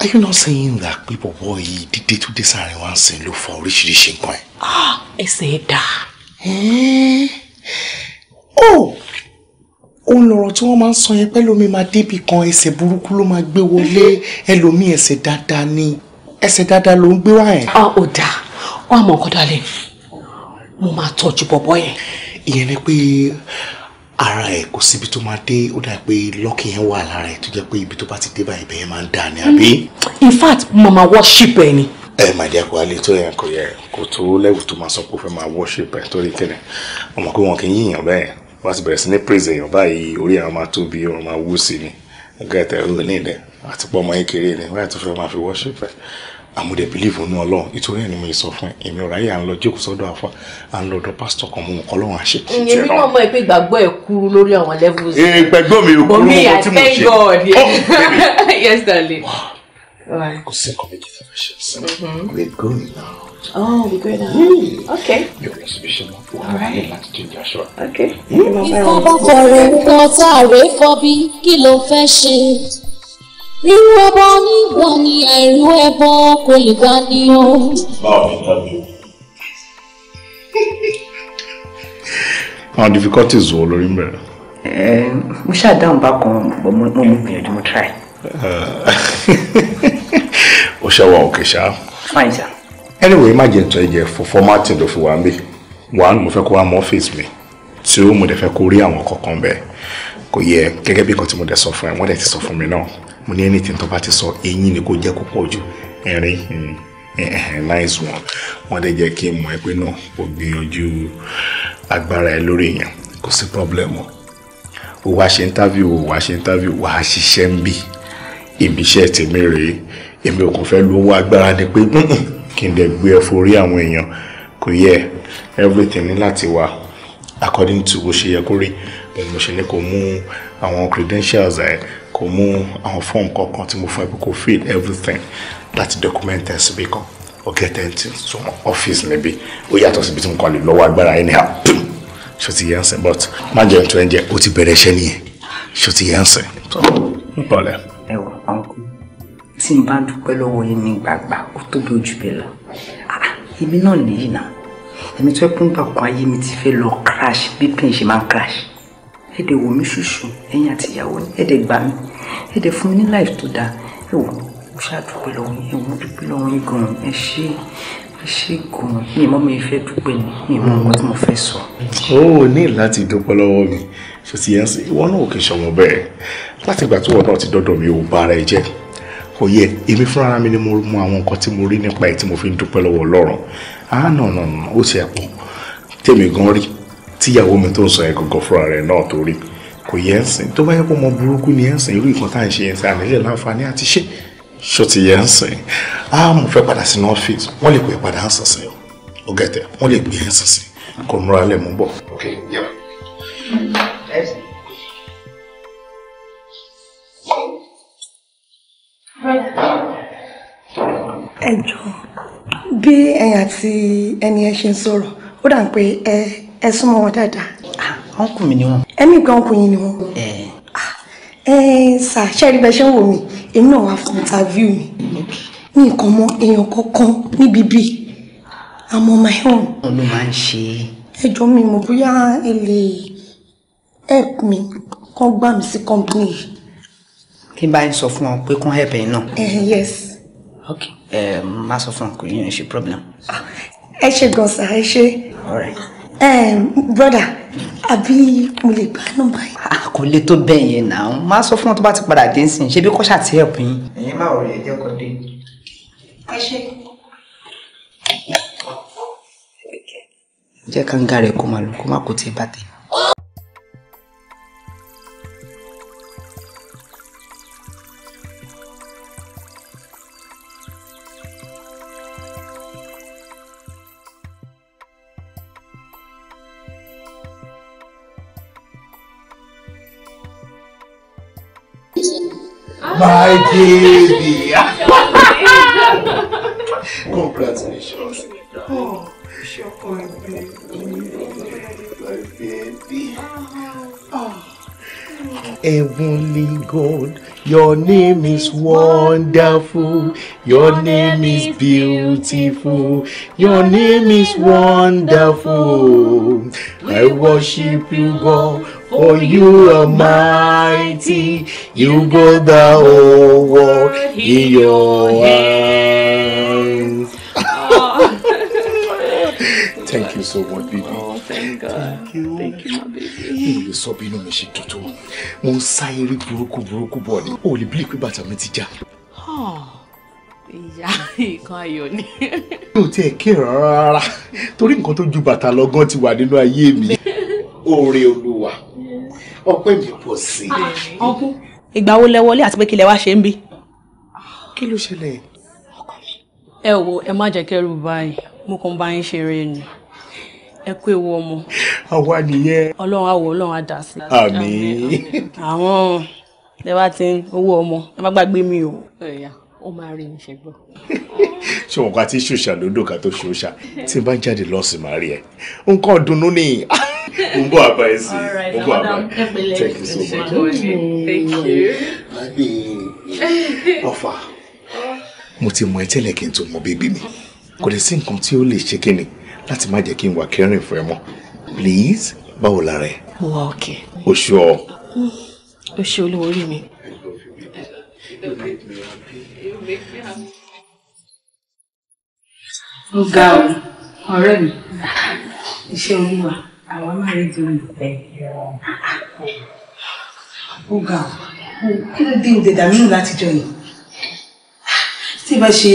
are you not saying that pé bọ̀bọ̀ yìí dídé tó dé sáàrin wa ń sìn ló fa oríṣiríṣi nǹkan ẹ. Ah, ẹsẹ̀ ẹ̀ dà. ó oh! òun lọ̀rọ̀ tí wọ́n máa ń sọ yẹn pẹ́ lómi máa débi kan ẹsẹ̀ burúkú ló máa gbé wọlé ẹlòmíì ẹsẹ̀ dáadáa ni ẹsẹ̀ dáadáa ló ń gbé wá yẹn. a ah, ò dáa wọn àmọ́ nǹkan dalẹ̀ mo máa tọ́jú bọ̀bọ̀ yẹn. ìyẹn ni pé ara ẹ kò síbi tó máa dé ó dà pé lọ́kì yẹn wà lára ẹ tó jẹ́ pé ibi tó bá ti dé báyìí bẹ́ẹ̀ máa ń dà ní àbí. Mm. in fact mama worship ẹ ni. ẹ màdí àpò alẹ́ tó yẹn kò yẹ kò tó lẹ́wù tó máa sọ pé ó fẹ́ máa worship ẹ torí kíni ọmọ pé wọn kì í yíyàn bẹ́ẹ̀ wọ́n ti bẹ̀rẹ̀ sí ní praise èèyàn báyìí orí àwọn máa tóbi ọ̀run máa wú sí ni gẹ́tẹ̀ ló ní ilẹ̀ àti pọ́ ọmọ yín kéré ni wọ́n yà tó fẹ́ máa fi worship ẹ àmúdẹ bílíìfù ní Ọlọ́run nítorí ẹni mo yìí sọ fún ẹ èmi ayé à ń lọ jókòó sọ́dọ̀ àfa à ń lọ ọ̀dọ̀ pásítọ̀ kan mú nǹkan lọ́wọ́ àṣẹ ìyẹn mímọ́ mọ́ ẹ pé gbàgbọ́ ẹ kúrú lórí àwọn levels. ee gbàgbọ́ mi ò kúrú mo tí mo ṣe ọ oh, *laughs* yes darling. kò sí nǹkan méjì tó fẹ́ ṣe sí mm-hmm. we go now. oh we go now mm. okay. mi ò lọ síbi iṣẹ́ mọ́ wà á ní láti change aṣọ. Hmm? ìfọwọ́fọ̀rẹ̀ nǹkan tá a rè fọ́ bí kí ló fẹ́ ṣe irú ẹbọ nígbà ni àìrú ẹbọ kò lè gbà ní o. báwo ni tàbí o. *laughs* àwọn difficulties wo lórí bẹ̀rẹ̀. Eh, mo ṣàdáhùn bákan bọ̀ mo mú gbìyànjú mo try. o ṣe wa òkè ṣá. fine sir. anyway má jẹ́ ìtọ́ ẹ̀jẹ̀ fún fọ́mátì ló fi wá ń bì one mo fẹ́ kó wá mọ́ ọ́fíìsì mi two mo dẹ̀ fẹ́ kó rí àwọn kọ̀ọ̀kan bẹ́ẹ̀ kò yẹ gẹ́gẹ́ bí nǹkan tí mo dẹ̀ sọ fún ẹ wọ́n dẹ̀ ti sọ fún mi náà mo ní anything tó bá ti sọ eyín ni kò jẹ́ kó pọ̀ jù ẹ̀rín nice one wọ́n dẹ̀ jẹ́ kí n mọ̀ ẹ́ pé náà ó gbìyànjú agbára ẹ lórí èèyàn kò sí problem o ò wá ṣe interview ò wá ṣe interview wà ṣiṣẹ́ ń bì èmi iṣẹ́ tèmi rèé èmi ò kàn fẹ́ lówó agbára ni pé kí n dẹ̀ gbé ẹ forí àwọn èèyàn kò yẹ everything ní láti wà according to bó ṣe yẹ kó rí mo ṣe ní kó mú àwọn credentials ẹ kò mú àwọn fọ́ọ̀mù kọ̀ọ̀kan tí mo fún ẹ pé kò fill everything láti document ẹ̀ síbi kan or get ẹ̀ ti office maybe. níbi ó yàtọ̀ síbi tí mo kàn lè lọ́wọ́ agbára ẹni hà ṣó ti yẹn sìn but má jẹun tó ẹ jẹ ó ti bẹ̀rẹ̀ iṣẹ́ nìyẹn ṣó ti yẹn sìn tó ń bọ̀lẹ̀. ẹ wọ ọkọ tí n bá dúpẹ́ lọ́wọ́ yín ní gbàgbà ó tóbi ojú bẹ́ẹ̀ lọ ah, èmi náà nìyí náà èmi tó ẹ pín gbàgbọ́ ayé mi ti fẹ́ lọ crash bí pín ṣe máa ń crash ẹ dẹ̀ wò mí ṣùṣù ẹ̀yin àti ìyàwó ni ẹ dẹ̀ gbà mí fún mi ní life tó dáa ẹ wò mo ṣàdúpẹ́ lọ́wọ́ yín ẹ wò mo dúpẹ́ lọ́wọ́ yín gan-an ẹ ṣé ẹ ṣé gan mi ìmọ̀ mi fẹ́ dúpẹ́ ni mi ìmọ̀ nǹkan tí mo fẹ́ sọ. o ní láti dúpẹ́ lọ́wọ́ mi ṣe ti yẹn sí ìwọ náà kì í ṣọmọ bẹ́ẹ̀ láti ìgbà tí ìwọ náà ti dọ́dọ̀ mi ò bá ara ẹ jẹ́ kò yẹ èmi fúnra mi ni mo mú àwọn nǹkan tí mo rí nípa ẹ tí mo fi ń dúpẹ́ lọ́wọ́ Ọlọ́run àánà ah, ọ̀nà ó ti ẹ̀ pọ̀ tèmi gan rí tíyàwó mi tó ń sọ yẹn gọgọ fúnra rẹ̀ náà torí kò yẹ ń sìn tó bá yẹ kó mọ burúkú ni ẹ ń sìn irú nǹkan tá à ń ṣe yẹn sí àníṣe láǹfààní àti ṣe ṣó ti yẹ ń sìn á mo fẹ́ padà sínú ọ́fíìsì wọ́n lè pè é padà ń sìn sìn ó gẹ̀tẹ̀ wọ́n lè pè é ń sìn sìn kò múra lẹ̀ mú bọ̀. Okay, ẹ jọ bí ẹ̀yin àti ẹni ẹ ṣe ń sọ̀rọ̀ ó dà ń pé ẹ ẹ súnmọ́ wọn dáadáa. ọ̀nkù ah, mi ni wọn. ẹ̀mí ìgbà ọ̀nkù yín ni wọn. ẹ eh. ah, ẹ sà ṣẹ́ẹ́rì bẹ́ẹ̀ ṣe ń wò mí èmi náà wà fún interview mi mi nǹkan mọ èèyàn kankan níbi bíi àmọ́ my own. wọn ló máa ń ṣe. ẹjọ́ mi mo bóyá ẹ help me. kán gbà mí sí company yìí. kí n bá ń sọ fún ọ pé kán help yín náà. ẹ eh, yes. ok ẹ eh, máa sọ fún ọ kò yín ẹ ṣe problem. Ah, ẹ ṣe gan sa ẹ ṣe. all right. Brother, àbí mo lè gba nọ́mbà yìí. Ah, kò lè tó bẹ́ẹ̀ yẹn náà máa sọ fún wọn tó bá ti padà dé sí i ṣé bí kọ́ṣà ti help yín. ẹ̀yin máa wọ̀ yẹn jẹ́ kó dé. ẹ ṣe. jẹ́ ká rẹ̀ kó máa lò kó má kó tiẹ̀ bá tèmi. My baby. Congratulations. Oh, sure, my baby. My baby. Oh. Heavenly God. Your name is wonderful. Your name is beautiful. Your name is wonderful. I worship you, God, for you are mighty. You go the whole world in your hands. *laughs* Thank you so much, baby. Thank God. Thank you. Thank you, my baby. Mo lè sọ bí inú mi ṣe tuntun. Mo ń sá eré burúkú burúkú bọ̀ ni. O lè bí ìpín bàtà mi ti já. Ìyá nǹkan ayọ̀ ni. Mi ò tiẹ̀ kí rárá torí nǹkan tó ju bàtà lọ́gán ti wà nínú ayé mi. Oore Olúwa. Ọpẹ́ mi pọ̀ sí i. Ah, Ọkú. Ìgbà wo lẹ wọlé àti pé kí lẹ wá ṣe ń bí? Kí ló ṣẹlẹ̀? Ẹ wo ẹ má jẹ́ kẹ́rù báyìí, mo kàn bá yín ṣeré ni ẹ kú ewu ọmọ. àwa nìyẹn. ọlọ́run àwọ̀ ọlọ́run á dà sí. àmín. àwọn ẹ bá ti ń owó ọmọ ẹ má gbàgbé mi o. ó máa rí mi ṣègbọ́. ṣé wọn kà ti ṣòṣà lódò ká tó ṣòṣà tí n bá ń jáde lọ sí rí ẹ nǹkan ọdún ní n bọ àbá ẹ sí n bọ àbá thank you so much. thank you. ọfà mo ti mọ ẹ tẹ́lẹ̀ kí n tó mọ bébí mi kò lè sí nǹkan tí ó lè ṣe kí ni láti má jẹ́ kí n wà kẹrin fún ẹ mọ́ please báwo lára ẹ. wà òkè. o ṣe ọ. o ṣe olówó orí mi. ó ga ọ ọ̀rẹ́ mi iṣẹ́ olúwa àwa máa rí di olùfẹ́. ó ga ọ kí ló dé òde dàmínú láti jọ yìí tí bá ṣe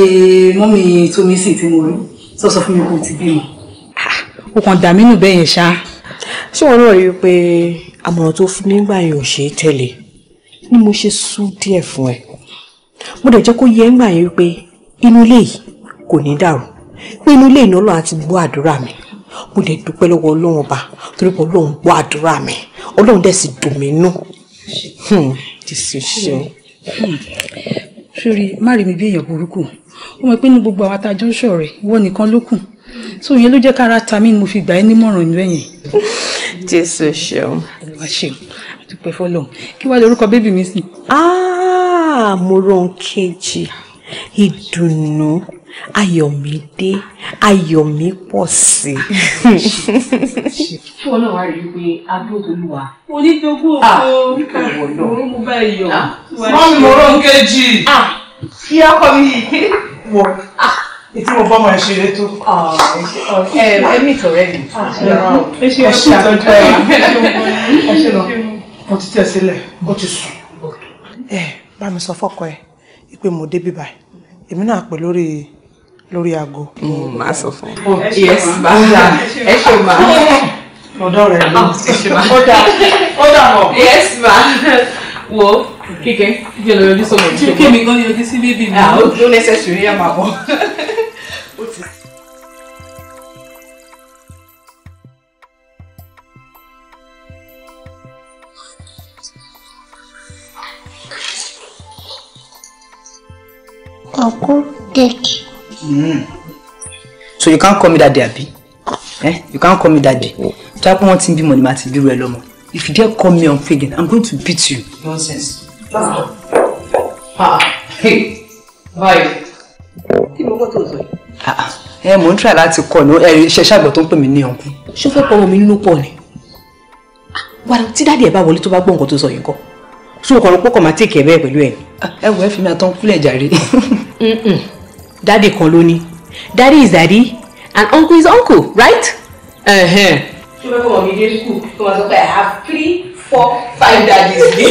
mọ́mì tómi sí tí mo rí tó sọ fún mi kó ti bímọ ó kàn dà mí nù bẹ́ẹ̀ yẹn ṣá. ṣé wọn náà rí i pé àmọ̀ràn tó fún mi nígbà yẹn ò ṣeé tẹ̀lé ni mo ṣe sún díẹ̀ fún ẹ mo dẹ̀ jẹ́ kó yẹ ńgbà yẹn wípé inú ilé yìí kò ní dàrú pé inú ilé ìnáwó àti gbọ́ àdúrà mi mo dẹ̀ dúpẹ́ lọ́wọ́ ọlọ́run ọba torí pé ọlọ́run gbọ́ àdúrà mi ọlọ́run dẹ̀ sì dùn mí nù. Hmm, sori hmm. má rí mi bí èèyàn burúkú ó mọ̀ pé ní gbogbo àwọn atajọ́ sọ̀rẹ́ ìwọ nìkan ló kù so yẹn ló jẹ́ kára ta mí ni mo fi gbà ẹ́ nímọ̀ràn ìlú ẹ̀yìn. jésù ṣeun. wá ṣeun àdúpẹ́ fọlọ́run kí wàá lórúkọ bébì mi sí. Ah, Mọ́rọ́nkẹ́jì ìdùnnú ayọ̀mídé ayọ̀mípọ̀sí. fún ọlọ́wà rí i pé agbóhùnolúwa onídógún òkú òun mú bá iyọ̀. mọ́mí ah, Mọ́rọ́nkẹ́jì. Ah, kí á kọ́ mi yìí. wọ́n ìtí mo bọ́mọ ẹ ṣeré tó. ẹmí ìtọ̀rẹ́ mi. ẹ ah, ah, ṣe ìtọ́jú eh, ẹ ẹ ṣe lọ mo ti tẹ̀ sílẹ̀ ó ti sùn. ẹ bá mi sọ fọ́kọ ẹ pé mo débi báyìí èmi náà pè lórí lórí aago. Mm, màá sọ fún ọ. Oh, yes màá ẹ ṣe màá. ọ̀dọ́ rẹ̀ ló ah, ó dà ó dà bọ̀. yes màá wo kíkẹ́ jẹ́ lọ yọjú sọ̀rọ̀. kí mi gan yọjú sí bébí mi. ah ó necessary ẹ̀ máa bọ̀. *laughs* Uncle Daddy. Mm. So you can't call me daddy, Abi. Eh? You can't call me daddy. If I want to be money, I be real mama. If you dare call me on again, I'm going to beat you. Nonsense. Ah. Ah. Hey. Why? Kí ló kọ́ tó to call. No. mò ń try láti kọ̀ me ẹ ṣe ṣàgbọ̀ tó ń me no ní ọ̀nkú. Ṣé o fẹ́ pọ̀ omi nínú pọ̀ ni? Wàrà tí dáàdi ẹ̀ bá wọlé tó bá gbọ́ nǹkan tó sọ yìí kọ́. Ṣé o kọ̀ ló pọ̀ kọ̀ fi mi àtọ́nkúlẹ̀ jàre. *laughs* Daddy kan ló ní daddy is daddy and uncle is uncle right. ṣé bẹ́ẹ̀ fọmọ mi dé skul kí wọ́n sọ pé i have three four five daddies *laughs* ní.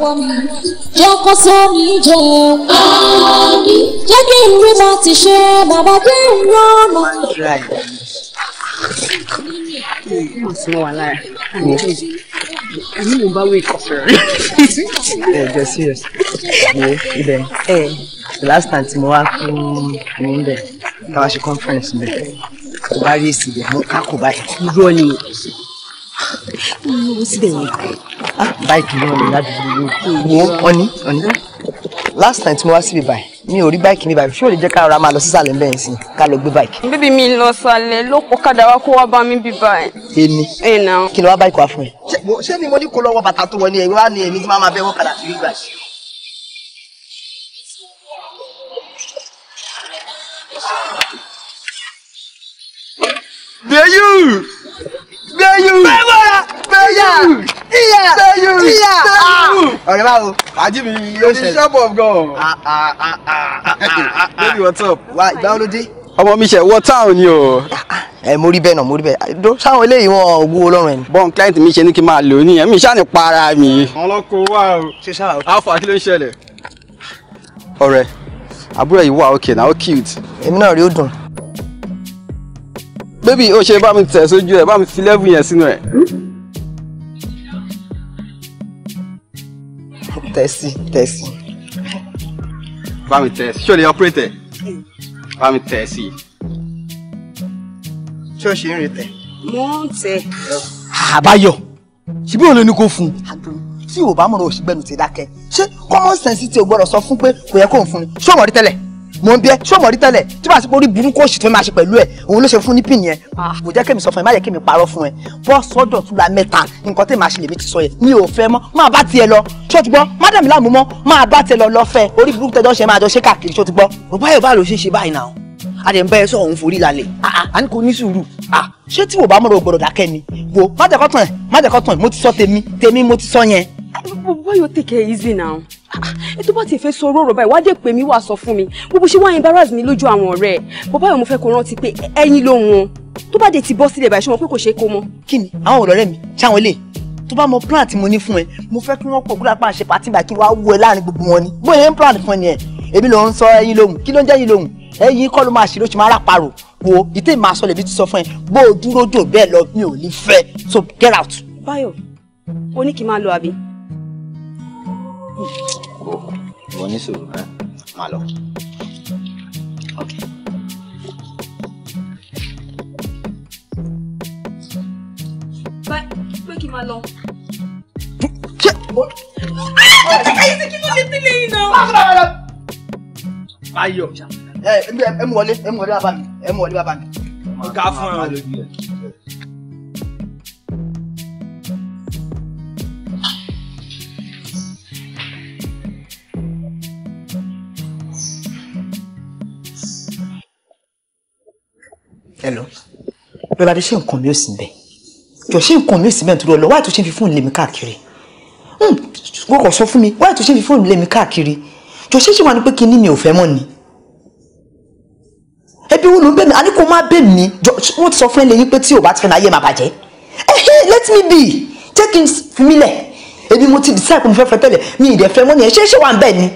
Wọ́n kọ́ sẹ́mi jọ. Jẹ́ kí n rí bá ti ṣe bàbá jẹ́ ìrọ̀nà mo ti mọ wà lára ẹni mo bá wake up rẹ. ẹ jọ serious wo ibẹ ẹ last time tí mo wá fún mi ń bẹ káwá ṣe conference bẹ kò bá rí èsì bẹ mo ká kò báyìí. irọ́ ni mo sì bẹ̀rẹ̀ báyìí kì í náà ní ládùúgbò wo ọ̀ní ọ̀ní last time tí mo wá síbi báyìí mi ò rí báìkì ní báyìí ṣé ò lè jẹ́ ká ara máa lọ sísàlẹ̀ bẹ́ẹ̀ sí ká lọ gbé báìkì. bíbí mi lọ sàlẹ̀ ló pọ̀ kádà wá kó wá bá mi bí báyìí. èmi èèna. kí ló wá báìkì wá fún ẹ. ṣé ni mo ní kó lọ́wọ́ bàtà tó wọ ni èmi wá ní èmi tí máa bẹ́ wọ́kadà sí gbígbà. bẹ́yù bẹ́yù bẹ́yù bẹ́yù ìyá sẹ́yìn ìyá ọ̀rẹ́ báwo. àjíbi yóò ṣe shop of god. baby what's up. wa ìgbà olóde. ọmọ mi ṣe wọ táwọn ni o. ẹ mo rí bẹ́ẹ̀ náà mo rí bẹ́ẹ̀ dó sáwọn eléyìí wọn ògbó ọlọ́run ẹ̀ ni. bọ́n client mi ṣe ní kí n máa lò ó nìyẹn mi ṣáà ní para mi. ọlọ́kọ̀ wà o. ṣé sáà o. alfa kí ló ń ṣẹlẹ̀. ọ̀rẹ́ àbúrò yìí wà okay na ó cute. èmi náà rí ó dùn. baby o ṣe bá mi tẹ̀ sójú ẹ̀ bá mi fi lẹ́bù yẹn sínú ẹ̀. Hmm? tẹ̀sí tẹ̀sí. bá mi tẹ̀sí ṣé o lè ọpẹ́rẹ́tẹ̀ bá mi tẹ̀sí. ṣé o ṣe Ah, retẹ̀. mo ń tẹ. àbáyọ fun. òun ló ní kó fún no tí ò bá mọ̀ràn òṣìgbẹ́nu ti dákẹ́ ṣé common sense ti ò gbọ́dọ̀ sọ fún pé kò yẹ kó ń mò ń bí ẹ ṣé o mọ̀ rí tẹ́lẹ̀ tí wàá sí pé orí burúkú òṣì tó máa ṣe pẹ̀lú ẹ òun ló ṣe fún ní pin yẹn ah. kò jẹ́ kémi sọ fún ẹ má yẹ kémi parọ́ fún ẹ bọ́ sọ́dọ̀ tún la mẹ́ta nǹkan tẹ́ máa ṣe lèmi ti sọ yẹ mi ò fẹ́ mọ́ máa bá tiẹ̀ lọ ṣé o ti gbọ́ má dàmí láàmú mọ́ máa bá tiẹ̀ lọ lọ́fẹ̀ẹ́ orí burúkú tẹ́jọ́ ṣe máa jọ ṣe káàkiri ṣé o ti gbọ́. bàbá yóò bá lọ ṣe ṣe báyìí náà adẹ̀ ń bẹ́ ẹ sọ òun forí lálẹ́ à ah, ah. ní kò ní sùúrù ṣé tí wò bá mọ̀rọ̀ gbọ́dọ̀ dákẹ́ ni wo má jẹ́ kọ́tàn má jẹ́ kọ́tàn mo ti sọ tèmi tèmi easy now ẹ tó bá ti fẹ́ sọ ọ̀rọ̀ báyìí wáá dé pè mí sọ fún mi gbogbo ṣé wàá embarrass mi lójú àwọn ọ̀rẹ́ ẹ̀ bọ́bá yóò mo fẹ́ kó rántí pé ẹyin ló wọn tó bá dé ti bọ́ sílẹ̀ báyìí ṣé wọn pé kò ṣeé kó mọ́. kí ni àwọn ọ̀rẹ́ mi ṣáwọn ilé tó bá mọ plan tí mo ní fún ẹ mo fẹ́ kí wọ́n pọ̀ gbọ́dọ̀ pa àṣẹ pàtí bá kí wọ́n á wú ẹ láàrin gbogbo wọn ni bóyá ń plan fún ẹ nìyẹn èmi ló ń sọ ẹyin lóhùn kí ló ń jẹ́ ẹyin lóhùn ẹyin kọ́ ló máa ṣe ló ṣe máa rà parò wo ìtẹ́ ìmọ̀ aṣọ lèmi ti sọ fún ẹ bó o bẹ́ẹ̀ lọ mi ò ní fẹ́ so get out. Báyọ̀ o ní kí n máa lọ àbí wọ ní sòrò ẹ máa lọ. pé kí n máa lọ. ṣé o. ọ̀rẹ́ mi ṣe kí ló lè tẹ́lẹ̀ yìí náà. ayọ̀ ẹ ẹ mú wọlé ẹ mú wọlé bàbá mi ẹ mú wọlé bàbá mi. ọ̀gá fún ẹ lọ lọ bá dé ṣé nǹkan mi ò sí ń bẹ jọ ṣé nǹkan mi ò sí ń bẹ nítorí ọlọ wáyé tó ṣe ń fi fóònù lé mi káàkiri hmm, wọ́n kàn sọ fún mi wáyé tó ṣe ń fi fóònù lé mi káàkiri jọ ṣé ṣe wà ní pé kí ni mi ò fẹ́ mọ́ ni ẹbí wo ló ń bẹ mi àní kò má bẹ mi jọ wọ́n ti sọ fún ẹ lẹ́yìn pé tí ò bá ti fẹ́ láyé máa let me be take it fi mí lẹ̀ ebi mo ti decide pé mo fẹ́ fẹ́ tẹ́lẹ̀ mi ì dẹ̀ fẹ́ mọ́ ni ẹ̀ ṣé ṣe wà ń bẹ ni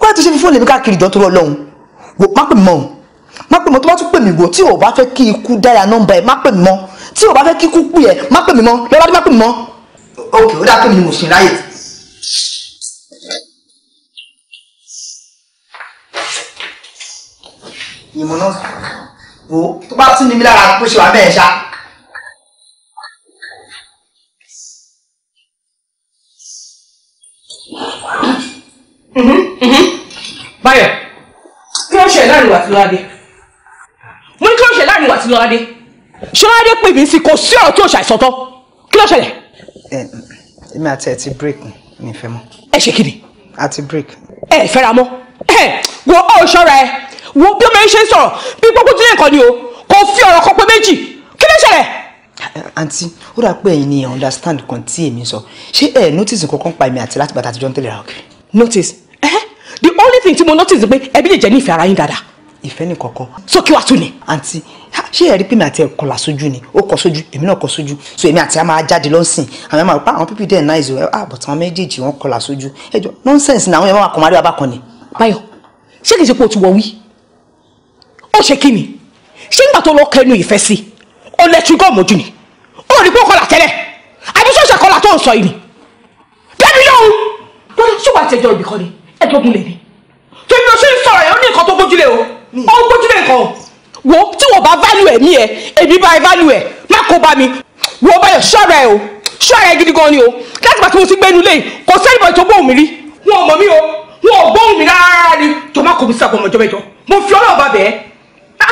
wáyé tó ṣe ń fi fóònù má pè mọ́ má pè mọ́ tó bá tún pè mí wò tí o bá fẹ́ kí ikú dára nọ́mbà ẹ̀ má pè mí mọ́ tí o bá fẹ́ kí ikú pè ẹ̀ má pè mí mọ́ lọ́wọ́dé má pè mí mọ́. ok ó dáa pé mi ni mo sùn láyè. ìmọ̀ náà wò tó bá tún ní mi lára bó ṣe wà bẹ́ẹ̀ ṣá. Mm-hmm, mm-hmm. báyọ̀ kí wọ́n ṣe ẹ̀ láàrin lọ́wọ́ adé mo ní kí ló ṣe láàrin wa ti lọ́ládé ṣọládé pè mí sí kò sí ọ̀rọ̀ tí ò ṣàìsọ̀tọ̀ kí ló ṣẹlẹ̀. èmi àti ẹ ti break ní ìfẹ́ mọ́. ẹ ṣe kìnnì. a ti break. ẹ fẹ́ra mọ́ ẹ wo ó ṣọ́ra ẹ wo bí ọmọ yẹn ṣe ń sọ̀rọ̀ bí gbogbo tí nǹkan ni o kò fi ọ̀rọ̀ kan pé méjì kí ló ṣẹlẹ̀. àǹtí ó dà pé ẹ̀yin ni understand kan tí èmi sọ ṣé ẹ notice nǹkan kan pa èmi àti látìgbà tá a ti jọ ń tẹ̀lé ra òkè. notice eh? the only thing tí mo notice pé ẹbí lè jẹ nífẹ̀ẹ́ ara yín dáadáa ìfẹ́ ní kọ̀ọ̀kan sókè wá tún ni àǹtí ṣé ẹ̀rí pèmí àti ẹ̀kọ́ là sójú ni ó kọ sójú èmi náà kọ sójú so èmi àti a máa jáde lọ́sìn àwọn ẹ̀ máa pa àwọn pípì dẹ̀ náà ìzò ẹ̀ àbọ̀ tí wọ́n méjèèjì wọ́n kọ là sójú ẹjọ́ nọ́nsẹ̀nsì ni àwọn ẹ̀ máa kọ̀ máa rí abákan ni. Báyọ̀ ṣé kìí ṣe pé o ti wọ wí ó ṣe kí ni ṣé nígbà tó lọ kẹnu ìfẹ́ sí ó lẹ́tú gọ́ọ̀mù ojú ni ó rí pé ó kọlà tẹ́lẹ̀ àbí ṣọ́ọ̀ṣà kọlà tó ń sọ yìí sọ̀rọ̀ ẹ̀ ó ní nǹkan tó gbójúlé o ó gbójú lè kàn. wo tí wọ́n bá value ẹ̀ ní ẹ èmi bá ẹ value ẹ̀ má kó bá mi wo báyọ̀ ṣọ́ra ẹ o ṣọ́ra ẹ gidi gan ni o láti gbà tí mo ti gbé inú ilé kò sẹ́ni bọ̀ tó gbóhùn mi rí wọn ò mọ̀ mí o wọn ò gbóhùn mi rárá ni tó má kó mi sàpọ̀ mọ́jọ́ mẹ́jọ mo fi ọlọ́ọ̀ bá bẹ́ẹ̀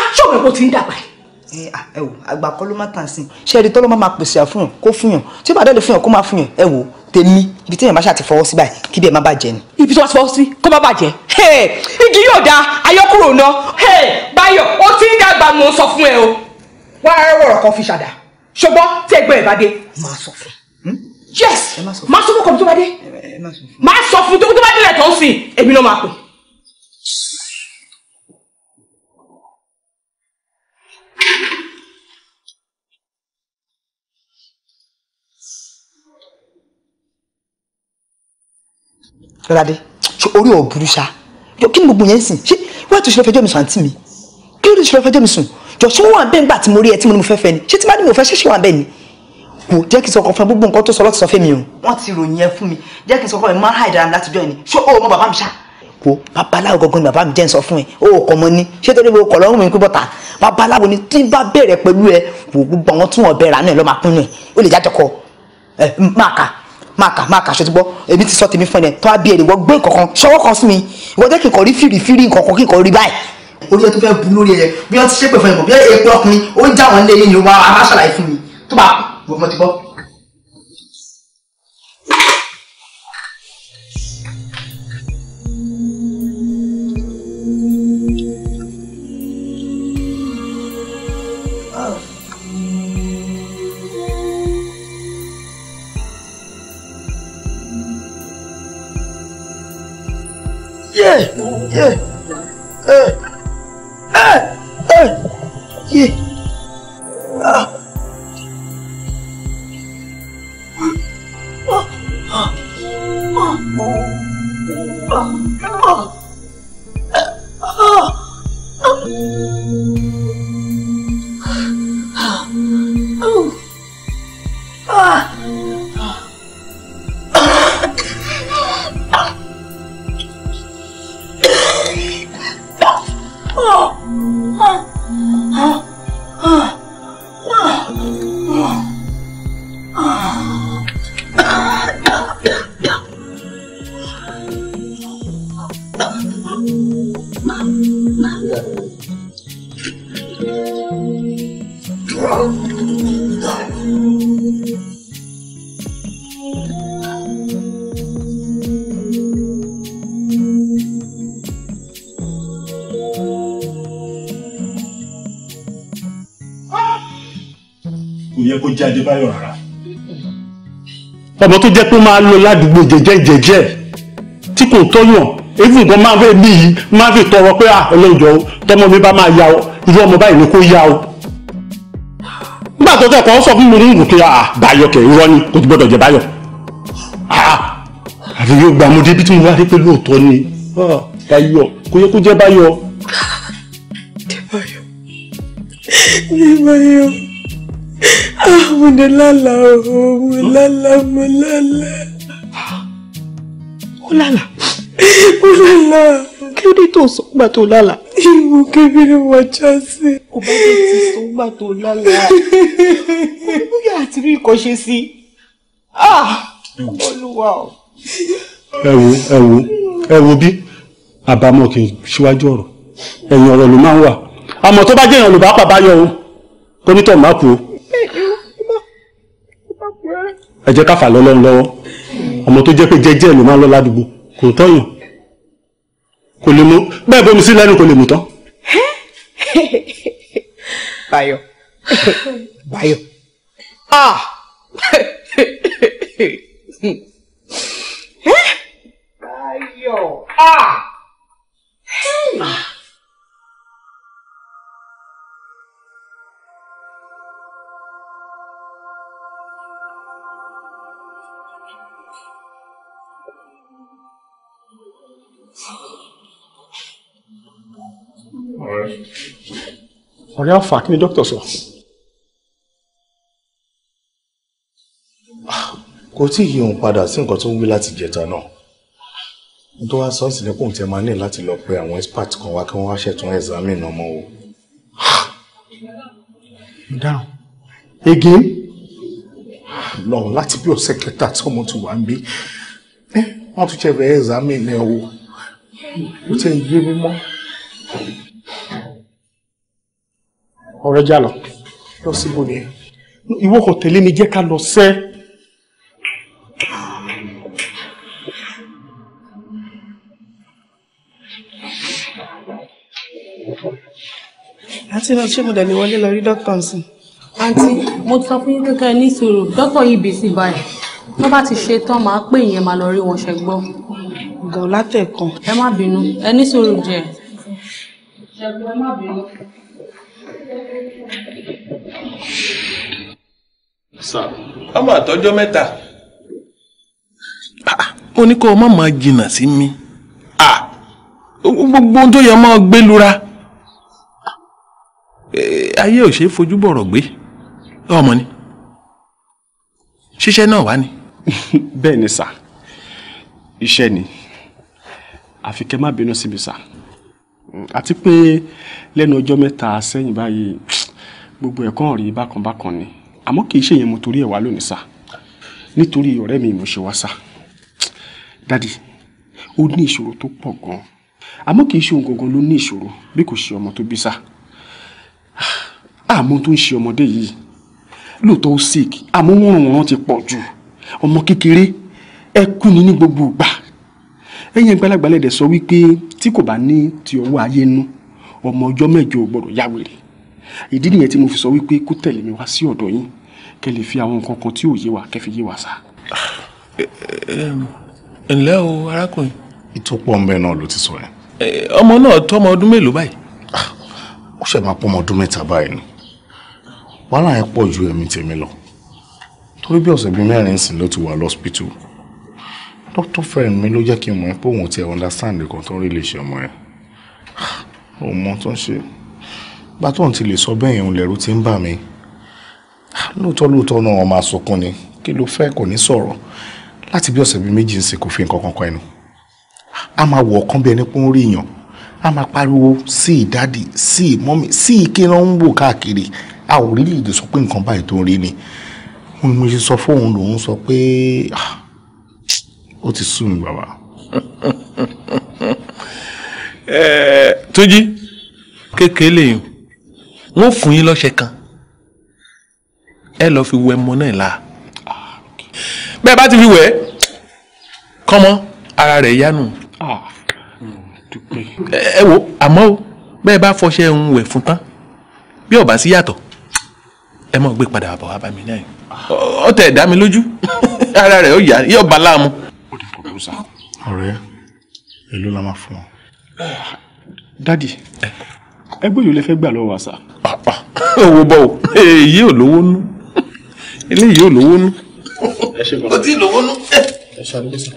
aṣọ mi kò ti ń dàgbà yìí ẹ wò àgbà kọ́ ló má tàn sí ṣe é di tọ́lọ́ má máa pèsè àfihàn kó fihàn tí bàdé lè fihàn kó máa fihàn ẹ wò tèmi ibi tí èèyàn bá ṣáà ti fọwọ́ sí báyìí kí bí ẹ má bàjẹ́ ni. ibi tí wọ́n ti fọwọ́ sí kó má bàjẹ́. igi yóò da ayọ́kúrò náà báyọ̀ ó ti ń dàgbà mò ń sọ fún ẹ o. wọ́n rárá wọ̀rọ̀ kan fi ṣàdá ṣùgbọ́n tí ẹgbẹ́ ẹ̀ bá dé. máa sọ fún hmm? yes máa sọ fún kọ̀ọ̀mù tó bá dé. máa sọ fún tó bá dé rẹ̀ tó ń sìn èmi náà máa pè lọ́dàdé ṣe orí ò burú ṣá jọ kí ni gbogbo yẹn ń sìn ṣé wọ́n ti ṣe fẹjọ́ mi sùn àǹtí mi kí ló ti ṣe fẹjọ́ mi sùn jọ ṣé wọ́n wà bẹ́ẹ̀ ńgbà tí mo rí ẹ tí mo ní mo fẹ́ fẹ́ ni ṣé tí má ní mo fẹ́ ṣe ṣe wà bẹ́ẹ̀ ni kò jẹ́ kí n sọkọ fún gbogbo nǹkan tó sọ lọ́ti sọ fún mi o. wọ́n ti ròyìn ẹ fún mi jẹ́ kí n sọkọ mi máa ń hàìdára láti jọ ẹni ṣé o mọ bàbá mi ṣá. wo babaláwo gangan ni bàbá mi jẹ́ ń sọ fún ẹ o kò mọ ni ṣé torí o kọ̀ lọ́rùn mi pín bọ́ta babaláwo ni tí bá bẹ̀rẹ̀ pẹ̀lú ẹ wò gbogbo àwọn tí wọ́n bẹ̀rẹ̀ àná ẹ lọ́ máa pín ní ẹ ó lè jájọkọ ẹ máa kà máa kà máa kà ṣe ti gbọ́ èmi ti sọ tèmi fún ẹ tó wá bí ẹ ìwọ gbé nǹkankan ṣọwọ́ kan sí mi ìwọ jẹ́ kí n kọ̀ rí fìrìfìrì nǹkankan kí n kọ̀ rí báyìí. orí ẹ tó fẹ́ bu lórí ẹ bí wọ́n ti ṣépè fún ẹ mọ̀ bí ẹ pé ọkùnrin ó ń já wọn lé ní ìlú wa aláṣàlàyé fún mi tó bá gbọ́ yé yé ẹ ẹ yé. ọmọ tó jẹ́ pé máa lọ ládùúgbò jẹ́jẹ́ jẹ́jẹ́ tí kò tọ́yàn èyí nǹkan máa fẹ́ bí yìí máa fi tọrọ pé à ah, ọlọ́jọ́ tọmọ mi bá máa ya ọ irú ọmọ báyìí ni kò ya ọ. nígbà tó tẹ̀ kọ́ sọ fún mi ní ìrùkẹ́ à báyọ̀ kẹ̀ irọ́ ni kò ti gbọ́dọ̀ jẹ́ báyọ̀ ah, àfi yóò gbàmú débi tí mo wá rí pé lóòótọ́ ni ah, báyọ̀ kò yẹ kó jẹ́ báyọ̀. débáyọ̀ débáyọ̀ mo dé lálà o mo lálà mo lálà. ó lálà. ó lálà. kí ló dé tó sọ gbà tó lálà. ìwò kébìrì wọ jásí. kò bá lè ti sọ gbà tó lálà. olùbúyà àti rí nǹkan ṣe sí. Ah! olúwa o. ẹ wo ẹ wo ẹ wo bí àbámọ̀ kì í ṣíwájú ọ̀rọ̀ ẹ̀yìn ọ̀rọ̀ ló máa ń wà àmọ́ tó bá jẹ́ èèyàn ló bá yọ o kó nítọ̀ má kú o ẹ jẹ́ káfà lọ́lọ́run lọ́wọ́ ọmọ tó jẹ́ pé jẹ́jẹ́ ló máa ń lọ ládùúgbò kò tọ́yàn kò lè mú bẹ́ẹ̀ bomi sí lẹ́nu kò lè mú tán. *laughs* Báyọ̀ *laughs* Báyọ̀ ah *laughs* Báyọ̀ ah. ọ̀rẹ́ àfà kí ni dókítà sọ. kò tí ì yí òun padà sí nǹkan tó ń wí láti jẹta náà n tó wá sọ sí lẹ́kùn tí ẹ máa ní láti lọ pe àwọn expert kan wá kí wọ́n wá ṣètò examine ọmọ o. dáhùn again lọ láti bí ọ̀sẹ̀ kẹta tí ọmọ ti wà ń bí eh, wọ́n tún ṣe fẹ́ examine ẹ o ó ti ń yé mímọ́ ọ̀rẹ́ jà lọ lọ síbò ni ìwọ kò tẹ̀lé mi jẹ́ ká lọ sẹ́. àti lọ ṣé mo dẹ̀ lè wọlé lọ rí dókítà nsìn. àǹtí mo sọ fún yín kékeré ní ìṣòro dókítà yìí bèsì báyìí wọ́n bá ti ṣe tán máa pè yẹn máa lọ rí wọn ṣẹ́gbọ́n. ọ̀gá ọ̀làtẹ̀kàn. ẹ má bínú ẹ ní sùúrù ṣẹ́gun ẹ má bínú. sir ọmọ àtọjọ mẹta mo ah, ah. ní kó o má máa jìnnà sí mi ah, gbogbo ohun tó yẹ máa gbé lura eh, ayé ò ṣeé fojú bọ̀rọ̀ gbé ọmọ ni ṣíṣẹ́ náà wá ni. *laughs* bẹ́ẹ̀ ni sà iṣẹ́ ni àfi kẹ́ má bínú síbi sà. àti pé lẹ́nu ọjọ́ mẹ́ta sẹ́yìn báyìí gbogbo ẹ̀kọ́ rí bákanbákan ni àmọ́ kì í ṣe yẹn mo torí ẹ̀ wá lónìí sá nítorí ọ̀rẹ́ mi mo ṣe wá sá dádì ó ní ìṣòro tó pọ̀ gan àmọ́ kì í ṣe òun gangan ló ní ìṣòro bí kò ṣe ọmọ tó bí sá àmọ́ tó ń ṣe ọmọdé yìí lóòótọ́ ó sick àmọ́ wọ́n ràn wọ́n ti pọ̀ jù ọmọ kékeré ẹ kú ni ní gbogbo ìgbà ẹ̀yin àgbàlagbà lẹ́dẹ̀ sọ wípé tí kò bá ní ti ọwọ́ ayé nú ọmọ ọjọ́ mẹ́jọ ò gbọ́dọ̀ yá ìdí nìyẹn tí mo fi sọ wípé kó tẹ̀lé mi wá sí ọ̀dọ̀ yín kẹ́ lè fi àwọn nǹkan kan tí ò yé wa kẹ́ fi yé wa sá. Ehm, ǹlẹ́ o arákùnrin. ìtòpọ̀ ọmọ náà ló ti sọ ẹ. ọmọ náà tó ọmọ ọdún mélòó báyìí. Ah, ó ṣẹ̀ máa pọ́ ọmọ ọdún mẹ́ta báyìí ni wàhálà yẹn pọ̀ ju ẹ̀mí tèmi lọ torí bí ọ̀sẹ̀ bíi mẹ́rin sìn ló ti wà lọ́sípítù doctor friend mi ló jẹ́ kí n mọ̀ ẹ́ pé òun ti ẹ̀ understand nǹkan tó ń rí lè ṣe ọmọ ẹ̀ òun mọ tó ń ṣe gba ti lè sọ bẹ́ẹ̀ yẹn lẹ́rú ti ń bà mí lóòótọ́ lóòótọ́ náà wọn máa sunkún ni kí ló fẹ́ kò ní sọ̀rọ̀ láti bí ọ̀sẹ̀ bíi méjì ń sìn kò fi nǹkan kan kan ẹnu a máa wọ̀ ọ̀kan bí ẹni pé ń rí èèyàn a máa pariwo sí ìdádì sí ìmọ́mì sí ìkíran ń wò káàkiri a ò rí lè sọ pé nǹkan báyìí tó ń rí ni mo ṣe sọ fóun lòun sọ pé ah, ó ti sú mi bàbá. *laughs* Eh, Túnjí kékeré lèyìn wọ́n fún yín lọ́sẹ̀ kan ẹ lọ́ọ́ fi wẹ ọmọ náà la bẹ́ẹ̀ bá ti fi wẹ̀ ẹ́ kọ́mọ ara rẹ̀ yánu ẹ wo àmọ́ o bẹ́ẹ̀ bá fọṣẹ ń wẹ̀ fún tán bí ó bá sí yàtọ̀ ẹ mọ̀ gbé padà bọ̀ wá bá mi náà ọ̀tẹ̀ dá mi lójú *laughs* ara rẹ̀ yóò bá láàmú kú sá. ọ̀rẹ́ èló la máa fún ọ. dádì eh. ẹgbẹ́ yìí lè fẹ́ gbà lọ́wọ́ wa sá. Ah, ah. *laughs* owó bọ̀ o èyí ò lówó nú eléyìí ò lówó nú. kò tí ì lówó nú. ẹ ṣàlùkò sá.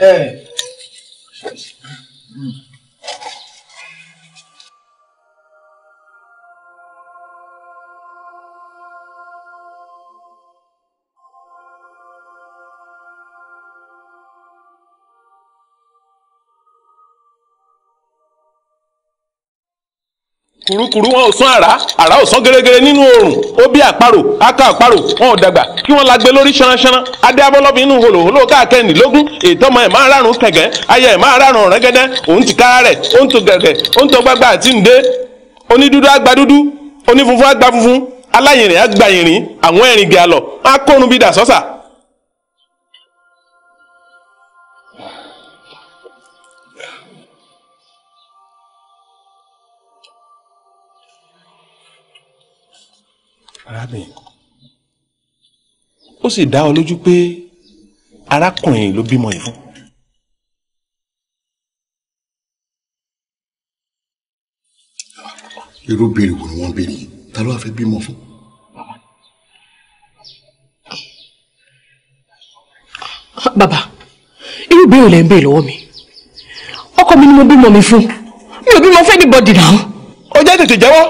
kùrukùru wọn ò sán àrá àrá ò sán gẹ́rẹ́gẹ́rẹ́ nínú oòrùn ó bí àparò aká àparò wọn ò dàgbà kí wọn lagbe lórí ṣanṣana adé abọ́lọ́bí inú hòlòhòlò káàkẹ́nìlógún ètò ọmọ ẹ̀ máa rárun kẹ̀kẹ́ ayẹ ẹ̀ máa rárun ọ̀rẹ́gẹ́dẹ́ òun ti kára rẹ̀ ó ń to gẹ̀gẹ̀ ó ń to gbagba àti ǹdé onídúdú àgbà dúdú onífunfun àgbà funfun aláyìnrìn àgbà yìnrìn àwọn ẹ̀rìn gẹ̀ àlọ́ akórun bí dà sọ́sà arábìnrin ó sì dá ọ lójú pé arákùnrin ló bímọ yìí fún. irú béèrè wo ni wọ́n béèrè ta ló wá fẹ́ bímọ fún. bàbá irú béèrè lẹ́ ń béèrè lọ́wọ́ mi ọkọ mi ni mo bímọ mi fún mi ò bímọ fún anybody náà. ó jẹ́ tètè jẹ́wọ́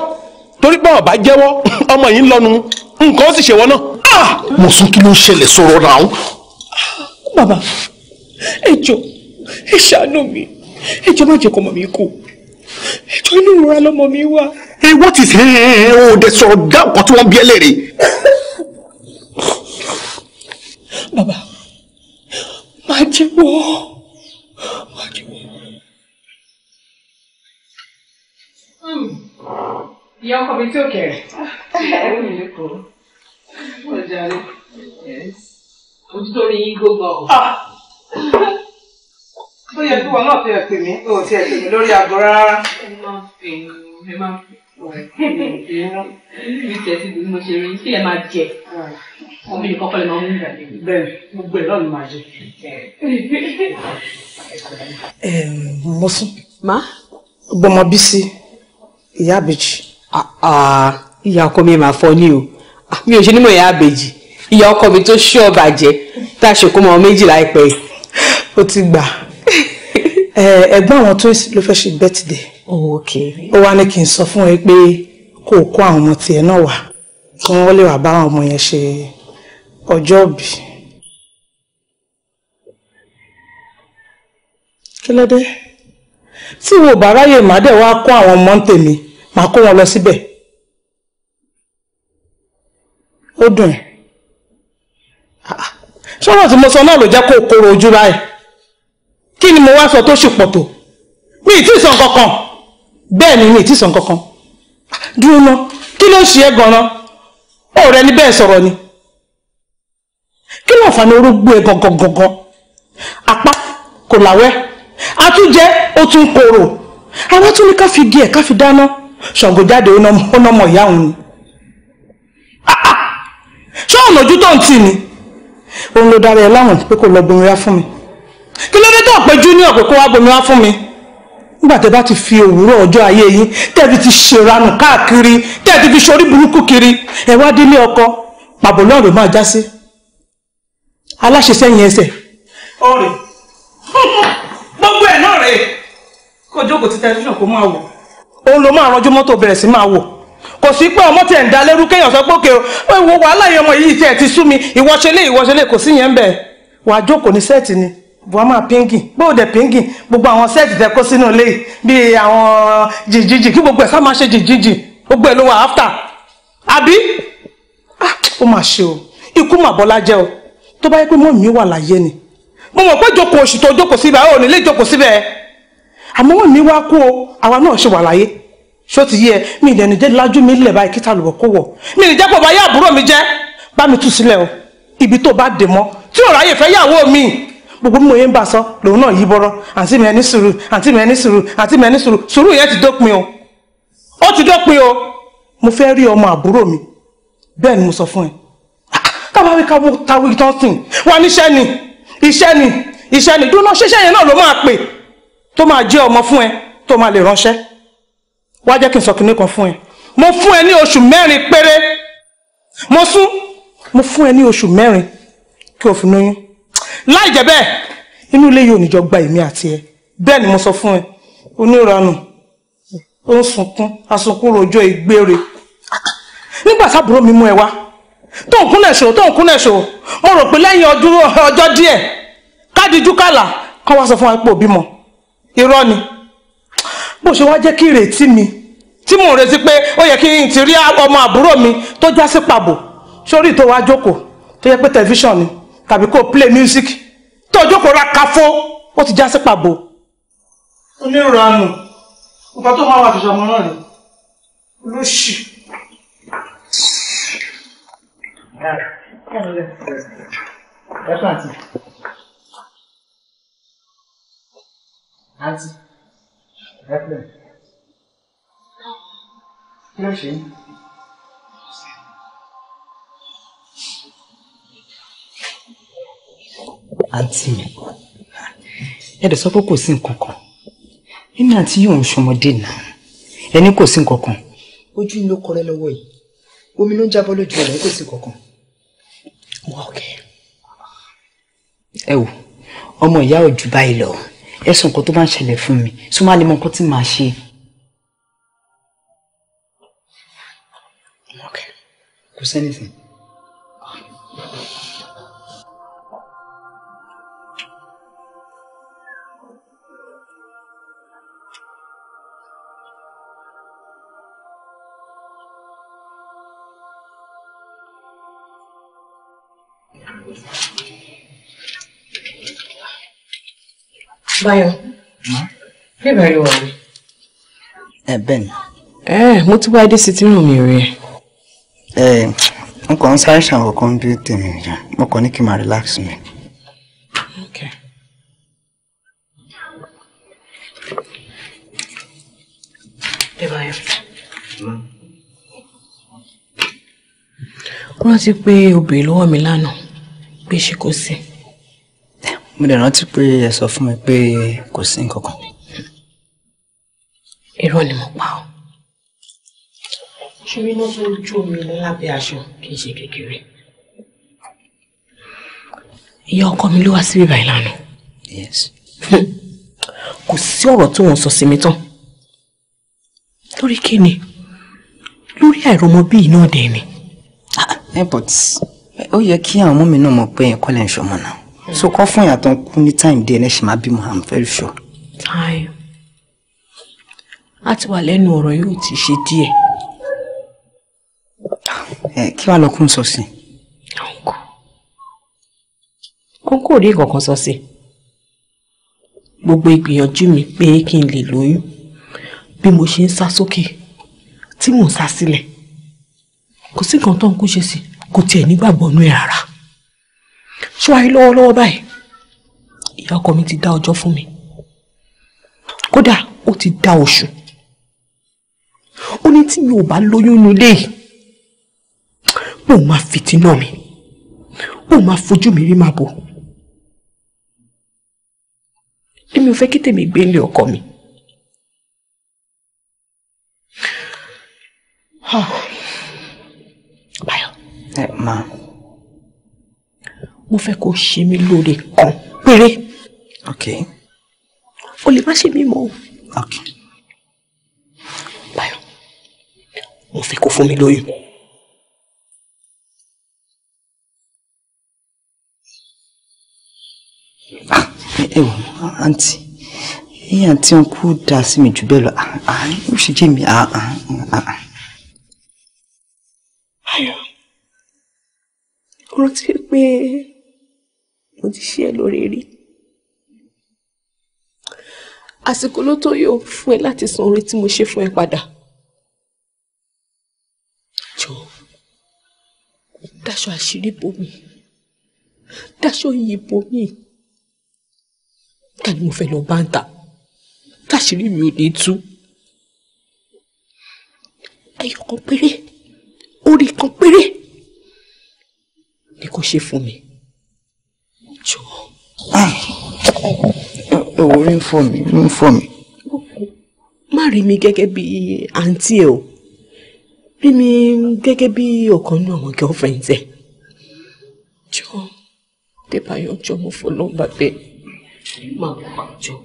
torí pé ọ̀bá jẹ́wọ́ ọmọ yìí ń lọnu nǹkan ó sì ṣèwọ náà. Ah! mo sún kí ló ń ṣẹlẹ̀ sọ̀rọ̀ náà. bàbá ẹ jọ ẹ ṣàánú mi ẹ jọ má jẹ́ kó ọmọ mi kú ẹ inú ìrora lọmọ mi wà. ẹ wọ́n ti sẹ́ ẹ ò dẹ̀ sọ̀rọ̀ dá nǹkan tí wọ́n bí ẹ bàbá máa jẹ́wọ́ máa Hmm ìyá ọkọ mi tí o rẹ̀ é mi lẹ́kọ̀ọ́ ọjà rẹ̀ òtítọ́ ni yín gbogbo ọ̀. ó yẹ kí wọn náà fi ẹ̀pẹ̀ mí ó ti ẹ̀pẹ̀ mí lórí aago rárá. ẹ máa fi ẹ máa fi mi tẹ̀ sí bí mo ṣe rí kí ẹ máa jẹ omi nìkan kọ́ lè máa mú ìgbà dé. bẹ́ẹ̀ gbogbo ẹ náà ni màá jẹ. gbọmọ bísí ìyá àbèjì. Ah, ah, ìyá ọkọ mi máa fọ́ ni o ah, mi ò ṣe nímọ̀ ìyá àbèjì ìyá ọkọ mi tó ṣí ọba jẹ tá a ṣòkó mọ́ méjì láìpẹ́ ó ti gbà. *laughs* Eh, ẹ̀gbọ́n àwọn tó ló fẹ́ ṣe bẹ́tìdẹ̀ oh, ó wá ní kí n sọ fún ẹ pé kó o kó àwọn ọmọ tiẹ̀ náà wá kí wọ́n lè wá bá àwọn ọmọ yẹn ṣe ọjọ́ òbí. kí ló dé tí wo bá ráyè má wá kó àwọn ọmọ ń tèmi màá kó wọn lọ síbẹ̀ ó dùn ṣọ́rọ̀ tí mo sọ náà ló jẹ́ kó kóró ojú báyìí kí ni mo wá sọ tó ṣì pọ̀ tó mi ì tí ì sọ kankan bẹ́ẹ̀ ni mi ì tí ì sọ kankan dúró ná kí ló ń ṣe é gan-an ọ̀rẹ́ ni bẹ́ẹ̀ sọ̀rọ̀ ni kí ló ń fa ni orógbó ẹ gangan gangan apá kò láwẹ́ àtúnjẹ ó tún korò àwọn tún ní ká fi gé ẹ̀ ká fi dáná. ṣàngójáde ọ̀nàmọ ìyá òun ni ah, ah. ṣé ọ̀nà ojú tó ń tì ní òun ló dára ẹ láwọn pé kò lọ bomi wá fún mi kí ló dé tó ọ̀pẹ junior pé kó wá bomi wá fún mi nígbà tẹ bá ti fi òwúrọ̀ ọjọ́ ayé yín tẹ́ẹ̀fi ti ṣèrànù káàkiri tẹ́ẹ̀fi fi ṣorí burúkú kiri ẹ wá délé ọkọ pàbó lọ́ọ̀rọ̀ máa já sí aláṣẹṣẹ́yìn ẹsẹ̀. ọ̀rẹ́ *laughs* gbogbo ẹ̀ náà jókòó ti tẹlifíṣàn kó máa wọ̀. òun ló máa rọjú mọ́tò bẹ̀rẹ̀ sí máa wò kò sí pé ọmọ tiẹ̀ ń da lérú kéèyàn sọ pé òkè o ìwọ wàhálà yẹn ọmọ yìí tiẹ̀ ti sú mi ìwọ́ṣẹ́lé ìwọ́ṣẹ́lé kò sí yẹn ń bẹ̀ wàá jókòó ní sẹ́ẹ̀tì ni bó a máa pínkì bó o dẹ̀ pínkì gbogbo àwọn sẹ́ẹ̀tì tẹ kó sínú ilé bíi àwọn jìjìjì kí gbogbo ẹ̀ sá máa ṣe jìjìjì gbogbo ẹ̀ ló wà áfítà àbí ah, ó mà ṣe o ikú mà bọ́lá o tó bá yẹ pé mọ́ mi wà láyé ni mo mọ̀ pé jókòó oṣù tó jókòó síbẹ̀ ò ní lè jókòó síbẹ̀ àmọ́ mọ́ mi wá kú o àwa náà ṣe wà láyé ṣó ti yẹ mi ìdẹ̀ni jẹ́ lájú mi lẹ̀ báyìí kíta lùwọ̀ kó wọ̀ mi ìdẹ̀ni jẹ́ pọ̀ bá yá àbúrò mi jẹ́ bá mi tú sílẹ̀ o ibi tó bá dè mọ́ tí ò ráyè fẹ́ yàwó mi gbogbo mi ò yẹn bá sọ lòun náà yí bọ́rọ́ àǹtí mi ẹni sùúrù àǹtí mi ẹni sùúrù àǹtí mi ẹni sùúrù sùúrù yẹn ti dópin o ó ti dópin o mo fẹ́ rí ọmọ àbúrò mi bẹ́ẹ̀ ni mo sọ fún ẹ tábà wí káwọ́ táwí tọ́sìn wà níṣẹ́ ni iṣẹ́ ni iṣẹ́ ni dúró náà ṣiṣẹ́ yẹn náà ló máa pè tó máa jẹ́ ọmọ fún ẹ tó máa lè ránṣẹ́ wá jẹ́ kí n sọ kinní kan fún ẹ mo fún ẹ ní oṣù mẹ́rin péré mo sún mo fún ẹ ní oṣù mẹ́rin kí o fi lóyún láì jẹ́ bẹ́ẹ̀ inú ilé yóò níjọ gba èmi àti ẹ bẹ́ẹ̀ ni mo sọ fún ẹ oníranù ó ń sunkún asunkún rojọ́ ìgbére nígbà sábúrò mi mú ẹ wá tó ń kúnlẹ̀ ṣòro tó ń kúnlẹ̀ ṣòro mo rò pé lẹ́yìn ọdún ọjọ́ díẹ̀ kádìjú kàlà kan wá sọ fún wa pé òbí mọ̀ irọ́ ni bó ṣe wá jẹ́ kí ìrètí mi tí mò ń retí pé ó yẹ kí n ti rí ọmọ àbúrò mi tó já sí pàbò sórí tó wá jókòó tó yẹ pé tẹlifíṣàn ni tàbí kó play music tó jókòó ra káfó ó ti já sí pàbò. onírànù nǹkan tó máa wà fi ṣọmọ náà rè olóṣì. ẹ kàn àti àti ẹ pẹ̀lú kí ló ṣe yín. àǹtí mi ẹ dẹ̀ sọ pé kò sí nǹkan kan nínú àǹtí yóò ń ṣọmọdé náà ẹni kò sí nǹkan kan ojú ló kọrẹ lọ́wọ́ yìí omi ló ń jábọ́ lójú ẹ̀rọ kò sí nǹkan kan. ẹ wò ọmọ ìyá òjú báyìí lọ ẹ sọ nǹkan tó bá ń ṣẹlẹ̀ fún mi sọ ma nǹkan tí màá ṣe. kò sẹ́ni sìn. Báyọ̀. Hm? Bí ìbẹ̀rẹ̀ wà rí? Ẹ bẹ́ẹ̀ ni. Ẹ mo ti wá dé sí n eh, kàn ń sáré ṣàwọn kan bí tèmi ìjà mo kàn ní kí n máa relax mi. rántí pé o béèrè lọ́wọ́ mi lánàá pé ṣe kò sí. mo dẹ̀ rántí pé ẹ sọ fún mi pé kò sí nǹkan kan. irọ́ ni mo pa ọ́ ṣebí iná tó ń jó mi lábẹ́ aṣọ kì í ṣe kékeré. ìyá ọkọ mi ló wá síbí báyìí lánàá. yes. kò sí ọ̀rọ̀ tí wọ́n sọ sí mi tán. lórí kíni lórí àìrọmọ bíi náà dẹ̀ ni. airport ah, eh, eh, ó yẹ kí àwọn ọmọ mi náà mọ̀ pé ẹ̀ kọ́lẹ̀ ń ṣọmọ náà so kọ́ fún ìyàtọ̀ kú ní time díẹ̀ ẹ̀ ṣì máa bímọ i'm very sure. time a ti wà lẹ́nu ọ̀rọ̀ yóò ti ṣe díẹ̀ kí wàá lọkùnrin sọ sí. ọ̀nkò ọ̀nkò rí kankan sọ sí gbogbo ìgbìyànjú mi pé kí n lè lóyún bí mo ṣe ń sá sókè tí mò ń sá sílẹ̀ kò sí nǹkan tó ń kú ṣe sí kò tiẹ̀ nígbàgbọ́ nú ẹ̀ rárá ṣé wàá rí lọ́wọ́lọ́wọ́ báyìí ìyá ọkọ mi ti dá ọjọ́ fún mi kódà ó ti dá oṣù ó ní tí mi ò bá lóyún nílé yìí òun máa fìtínà mi òun máa fojú mi rí máa bọ̀ èmi ò fẹ́ kí tèmi gbé ilé ọkọ mi. Báyọ̀. Ẹ máa. Mo fẹ́ kó ṣe mí lóore kan péré. Ok. O lè má ṣe mí mọ́ o. Ok. Báyọ̀, mo fẹ́ kó fún mi lóyún. ẹ wò àǹtí ní àǹtí wọn kú dá sí mi jù bẹ́ẹ̀ lọ ah, ah, ó ṣe jẹ́ mi ah, ayọ̀ rántí pé mo ti ṣe ẹ lórí rí àsìkò ló tó yóò fún ẹ láti san oore tí mo ṣe fún ẹ padà jọ dáṣọ àṣírí bò mí dáṣọ yìí bò mí ta ni mo fẹ́ lọ bá ń ta táṣírí mi ò ní tú ẹyọ kan péré orí kan péré ni kò ṣe fún mi jọ. Ah, ń fọ mi ń fọ mi. má rí mi gẹ́gẹ́ bí àǹtí ẹ o rí mi gẹ́gẹ́ bí ọ̀kan nínú àwọn girlfriends ẹ jọ Débáyọ̀ jọ mo fọlọ́ bàbá ẹ. 嘛广州。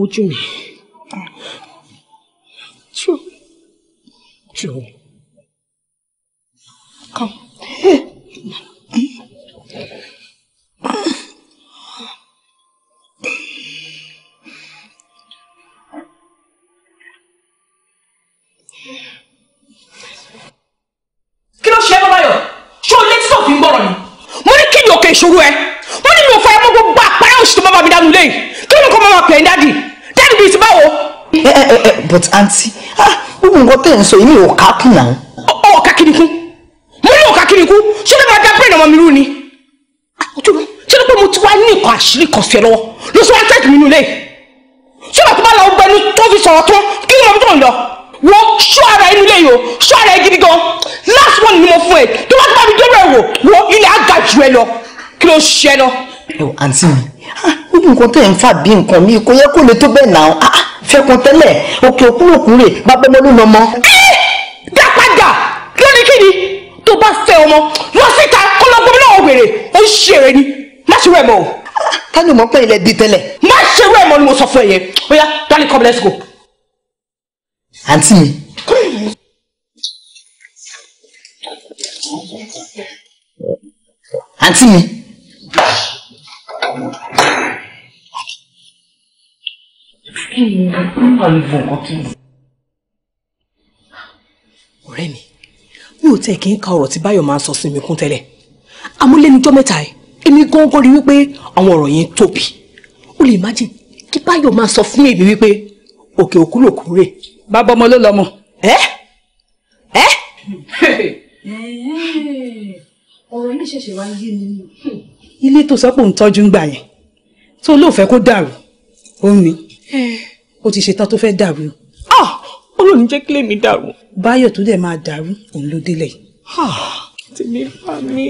ojú mi tí o tí o kàn. ṣe bàbá yọ ṣé o létí tó fi ń gbọ́rọ̀ ni. mo ní kí ni òkè ìṣòro ẹ mo ní mi ò fọyọ́ mọ́ gbogbo àpárá òṣì tó bá bá mi dánú lẹ́yìn kí ló kọ́ máa pè é dáàdì dáàdì bíi ti báwo. ẹ ẹ ẹ but aunty ah gbogbo nǹkan tẹ̀ ń sọ yìí mi ò ká kùn náà. ọ ọ̀ka kiri kú mo ní ọ̀ka kiri kú ṣé ló máa dá brain ọmọ mi rú ni. ṣé ló pé mo ti wá ní nǹkan àṣírí kan sí ẹ lọ́wọ́ ló wo ṣọ́ ara inú ilé yìí o ṣọ́ ara ẹ gidi gan last one ni mo fún ẹ tó bá tó bá mi dọ́rọ̀ ẹ wò wo ilé àga jù ẹ lọ kí ló ṣe ẹ lọ. ẹ àǹtí mi nínú ah, nǹkan tẹ̀ ń fà bí nǹkan mi kò yẹ kó lè tó bẹ́ẹ̀ náà ah, ah fẹ́kun tẹ́lẹ̀ òkè òkúròkú rè bàbá ọmọ ló lọ mọ. ẹ dá padà lóníkìní tó bá fẹ́ ọmọ lọ síta kó lọ gbọmọ náà wèrè ó ń ṣèrè ni má ṣe rẹ̀ mọ́ o. Ah, ta ni mo pẹ́ ilẹ̀ di tẹ́lẹ̀. má ṣe rẹ̀ mọ́ ni mo sọ fún ẹ yẹn bóyá dálé come let's go àǹtí mi. àǹtí mi. ọ̀rẹ́ mi mi ò tẹ́ kí n ka ọ̀rọ̀ tí báyọ̀ máa ń sọ sí mi kún tẹ́lẹ̀ amúlénijọ́ mẹ́ta ẹ̀ èmi gángan rí wípé àwọn ọ̀rọ̀ yẹn tóbi o lè imagine kí báyọ̀ máa sọ fún èmi wípé òkè òkú lòkú rèé bàbá ọmọ ló lọmọ. ẹ ẹ. ọ̀rọ̀ mi ṣẹ̀ṣẹ̀ wá yé mi ni. ilé tó sọ pé òun tọ́jú ń gbà yẹn tó olóòfẹ́ kó dàrú òun ni ó ti ṣetán tó fẹ́ dàrú. ó lò ní jẹ́ kílè mi dàrú. báyọ̀ tó dẹ̀ máa dàrú òun ló délẹ̀ yìí. tèmi fà mí.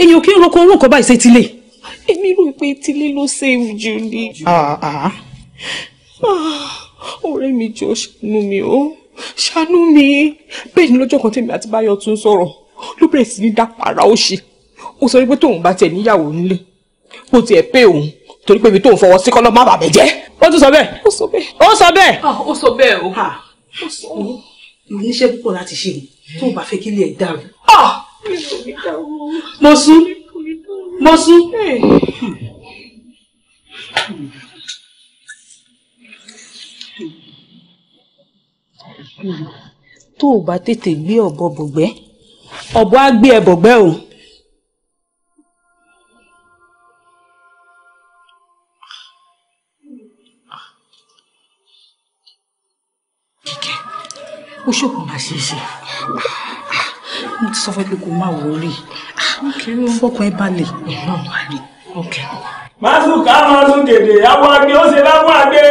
èyàn kì í roko orúkọ báyìí ṣe tilé. èmi rò pé tilé ló ṣe ìwújú ni. Ah, ọ̀rẹ́ mi jọ ṣàánú mi ó ṣàánú mi bẹ́ẹ̀ ni lọ́jọ́ kan tèmi àti báyọ̀ tún sọ̀rọ̀ ló bẹ̀rẹ̀ sí ní dápàrà òṣì ó sọ pé tóun bá tiẹ̀ níyàwó nílé bó tiẹ̀ pé òun torí pé ibi tóun fọwọ́ sí kọ́lọ́ má bàbẹ̀ jẹ́ ó tún sọ bẹ́ẹ̀ ó sọ bẹ́ẹ̀ ó sọ bẹ́ẹ̀ ah, ó sọ bẹ́ẹ̀ o ó sọ o ìníṣẹ́ púpọ̀ láti ṣe tó bá fẹ́ kí ilé ẹ̀ dàrú. Ah! mo sún mo sún. Hmm. tó o bá tètè gbé ọ̀bọ bọ̀gbẹ́ ọ̀bọ á gbé ẹ bọ̀gbẹ́ o. ó ṣòkun máa ṣe é ṣe mo ti sọ fẹ́ pé kó má wọlé fọkàn ẹ balẹ̀ wà rí. másùká másùn gèdè awọ agbe ó ṣe láwọn agbe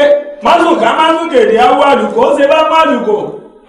másùká másùn gèdè awọ àlùkò ó ṣe láwọn àlùkò.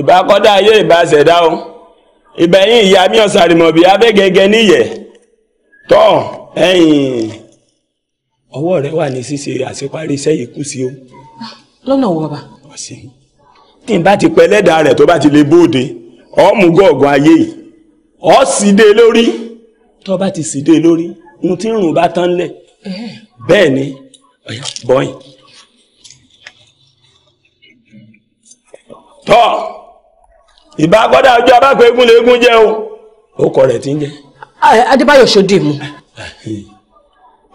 ìbá kọ́dá ayé ìbá ṣẹ̀dá o ìbẹ̀yìn ìyá mi ọ̀sàrìmọ̀bí abẹ́gẹ́gẹ́ níyẹ̀ tọ́ ẹ̀yìn ọwọ́ rẹ wà ní ṣíṣe àṣeparí iṣẹ́ yìí kù sí o. lọ́nà wo bàbá. ọ̀sẹ̀ tí n bá ti pẹ́ lẹ́dàá rẹ̀ tó bá ti lè bóde ọ̀ọ́mù gọ̀ọ̀gàn ayé yìí ọ̀ sídé lórí tó bá ti sídé lórí ohun tí rùn bá tán lẹ̀ bẹ́ẹ̀ ni bọ́yìn. tọ́ ìbá gbọ́dọ̀ ọjọ́ abáko eégún léegún jẹ́ o ó kọ rẹ̀ tí ń jẹ́. adébáyọ̀ ṣòdì mu.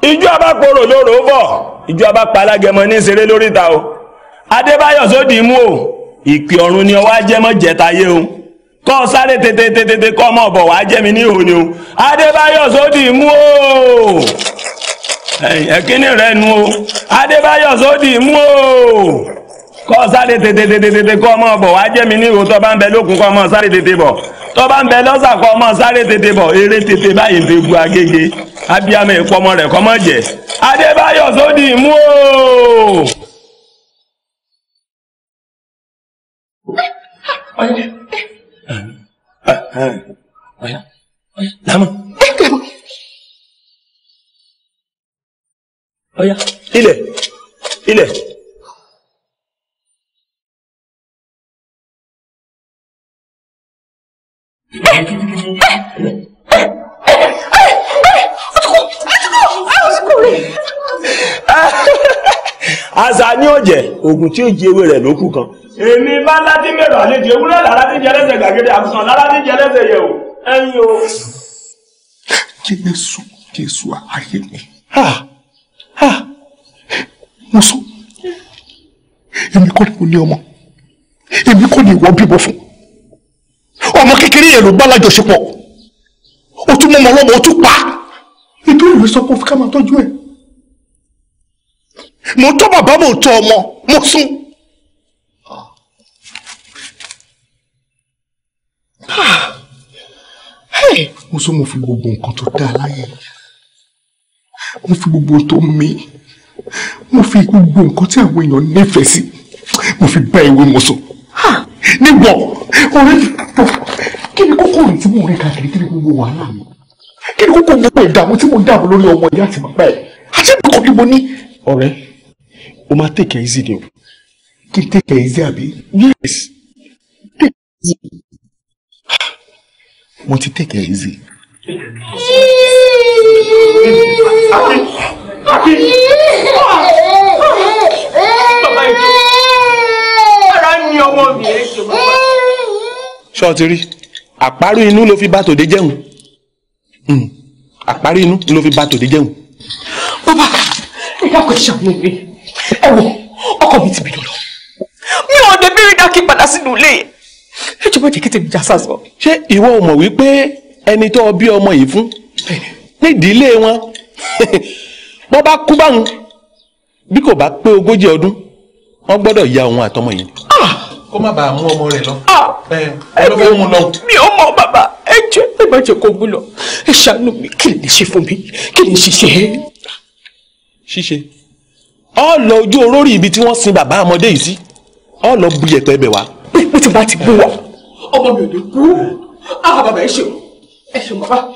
ìjọ abáko rò lóró bọ̀ ìjọ abápa alágẹmọ ní ìṣeré lóríta o adébáyọ̀ ṣòdì mu o ìpè ọ̀run ni ọwọ́ ajẹ́mọ́ jẹta yé o kọ́ ọ sáré tètè tètè kọ́ ọmọ ọ̀bọ̀ wàá jẹ́ ní ìhò ni o adébáyọ̀ ṣòdì mu o ẹ̀kíní rẹ̀ nu o adébáyọ̀ ṣòdì mu o kọ́ sáré tètè tètè tètè kọ́ ọmọ bọ̀ wá jẹ́ mi ní ìwò tó bá ń bẹ lókun kọ́ ọmọ sáré tètè bọ̀ tó bá ń bẹ lọ́sà kọ́ ọmọ sáré tètè bọ̀ eré tètè báyìí ti bu agége abiyamọ èkó ọmọ rẹ̀ kọ́ mọ̀ jẹ́ adébáyọ̀ sódì mú o. ilẹ̀ ilẹ̀. tiẹ̀ oògùn tí ó jẹ ewé rẹ̀ lókù kan. èmi bá láti mẹ́rọ àlejò ewúrẹ́ lára ti jẹlẹ́sẹ̀ gbàgede àgùntàn lára ti jẹlẹ́sẹ̀ yẹ̀ o ẹ̀yin o. jésù jésù ayé mi mo sọ èmi kọ́ ni mo ní ọmọ èmi kọ́ ni ìwọ bímọ fún ọmọ kékeré yẹn ló bá lájọṣepọ̀ o tún mọ́ ọmọ ọlọ́mọ o tún pa nítorí ìwé sọ pé o fi ká máa tọ́jú ẹ̀ mo tọ́ bàbá mo tọ́ ọmọ mo sùn. mo sọ mo fi gbogbo nǹkan tó dáa láyé mo fi gbogbo tó mi mo fi gbogbo nǹkan tí àwọn èèyàn nífẹ̀ẹ́ sí mo fi bá ìwé mo sùn. nígbà ọ̀rẹ́ mi kí ni kókó rẹ̀ tí mo rìn káàkiri kí ni gbogbo wàhálà mi kí ni kókó gbogbo ìdààmú tí mo dààmú lórí ọmọ ìyá àti bàbá ẹ̀ àti ìdókòkí mo ní. ọ̀rẹ́ o máa take easy ni o. kí n take easy àbí. yes take easy. mo ti take easy. ṣọ́ọ̀tì rí àpárò inú ló fi bá tòde jẹun hmm. àpárò inú ló fi bá tòde jẹun. bàbá ìyá kò ṣàmì ẹ wo ọkọ mi ti bìdọ̀ lọ mi ò dé bírí dákì padà sínú ilé yẹn ẹ jọ̀ọ́ jẹ́ kí tèmi já sásọ. ṣé ìwọ ò mọ̀ wípé ẹni tó bí ọmọ yìí fún nídìílé wọn wọn bá kú báwọn bí kò bá pé ogójì ọdún wọn gbọ́dọ̀ ya òun àtọmọ yìí. Ah! kó má bàa mú ọmọ rẹ lọ. ọlọ́fẹ́ ah! mú lọ. mi ò mọ bàbá ẹ jẹ́ ẹ má jẹ́ kó gbú lọ ẹ ṣàánú mi kí lè ṣe fún mi kí lè ṣiṣẹ́. ṣíṣe ọ lọ ojú orórì ibi tí wọ́n sin bàbá ọmọdé yìí sí ọ lọ bu yẹ̀pẹ̀ ẹbẹ̀ wá. pé mo ti bá ti gbó wa ọmọ mi ò ní kú àwọn bàbá ẹ ṣeun ẹ ṣeun bàbá.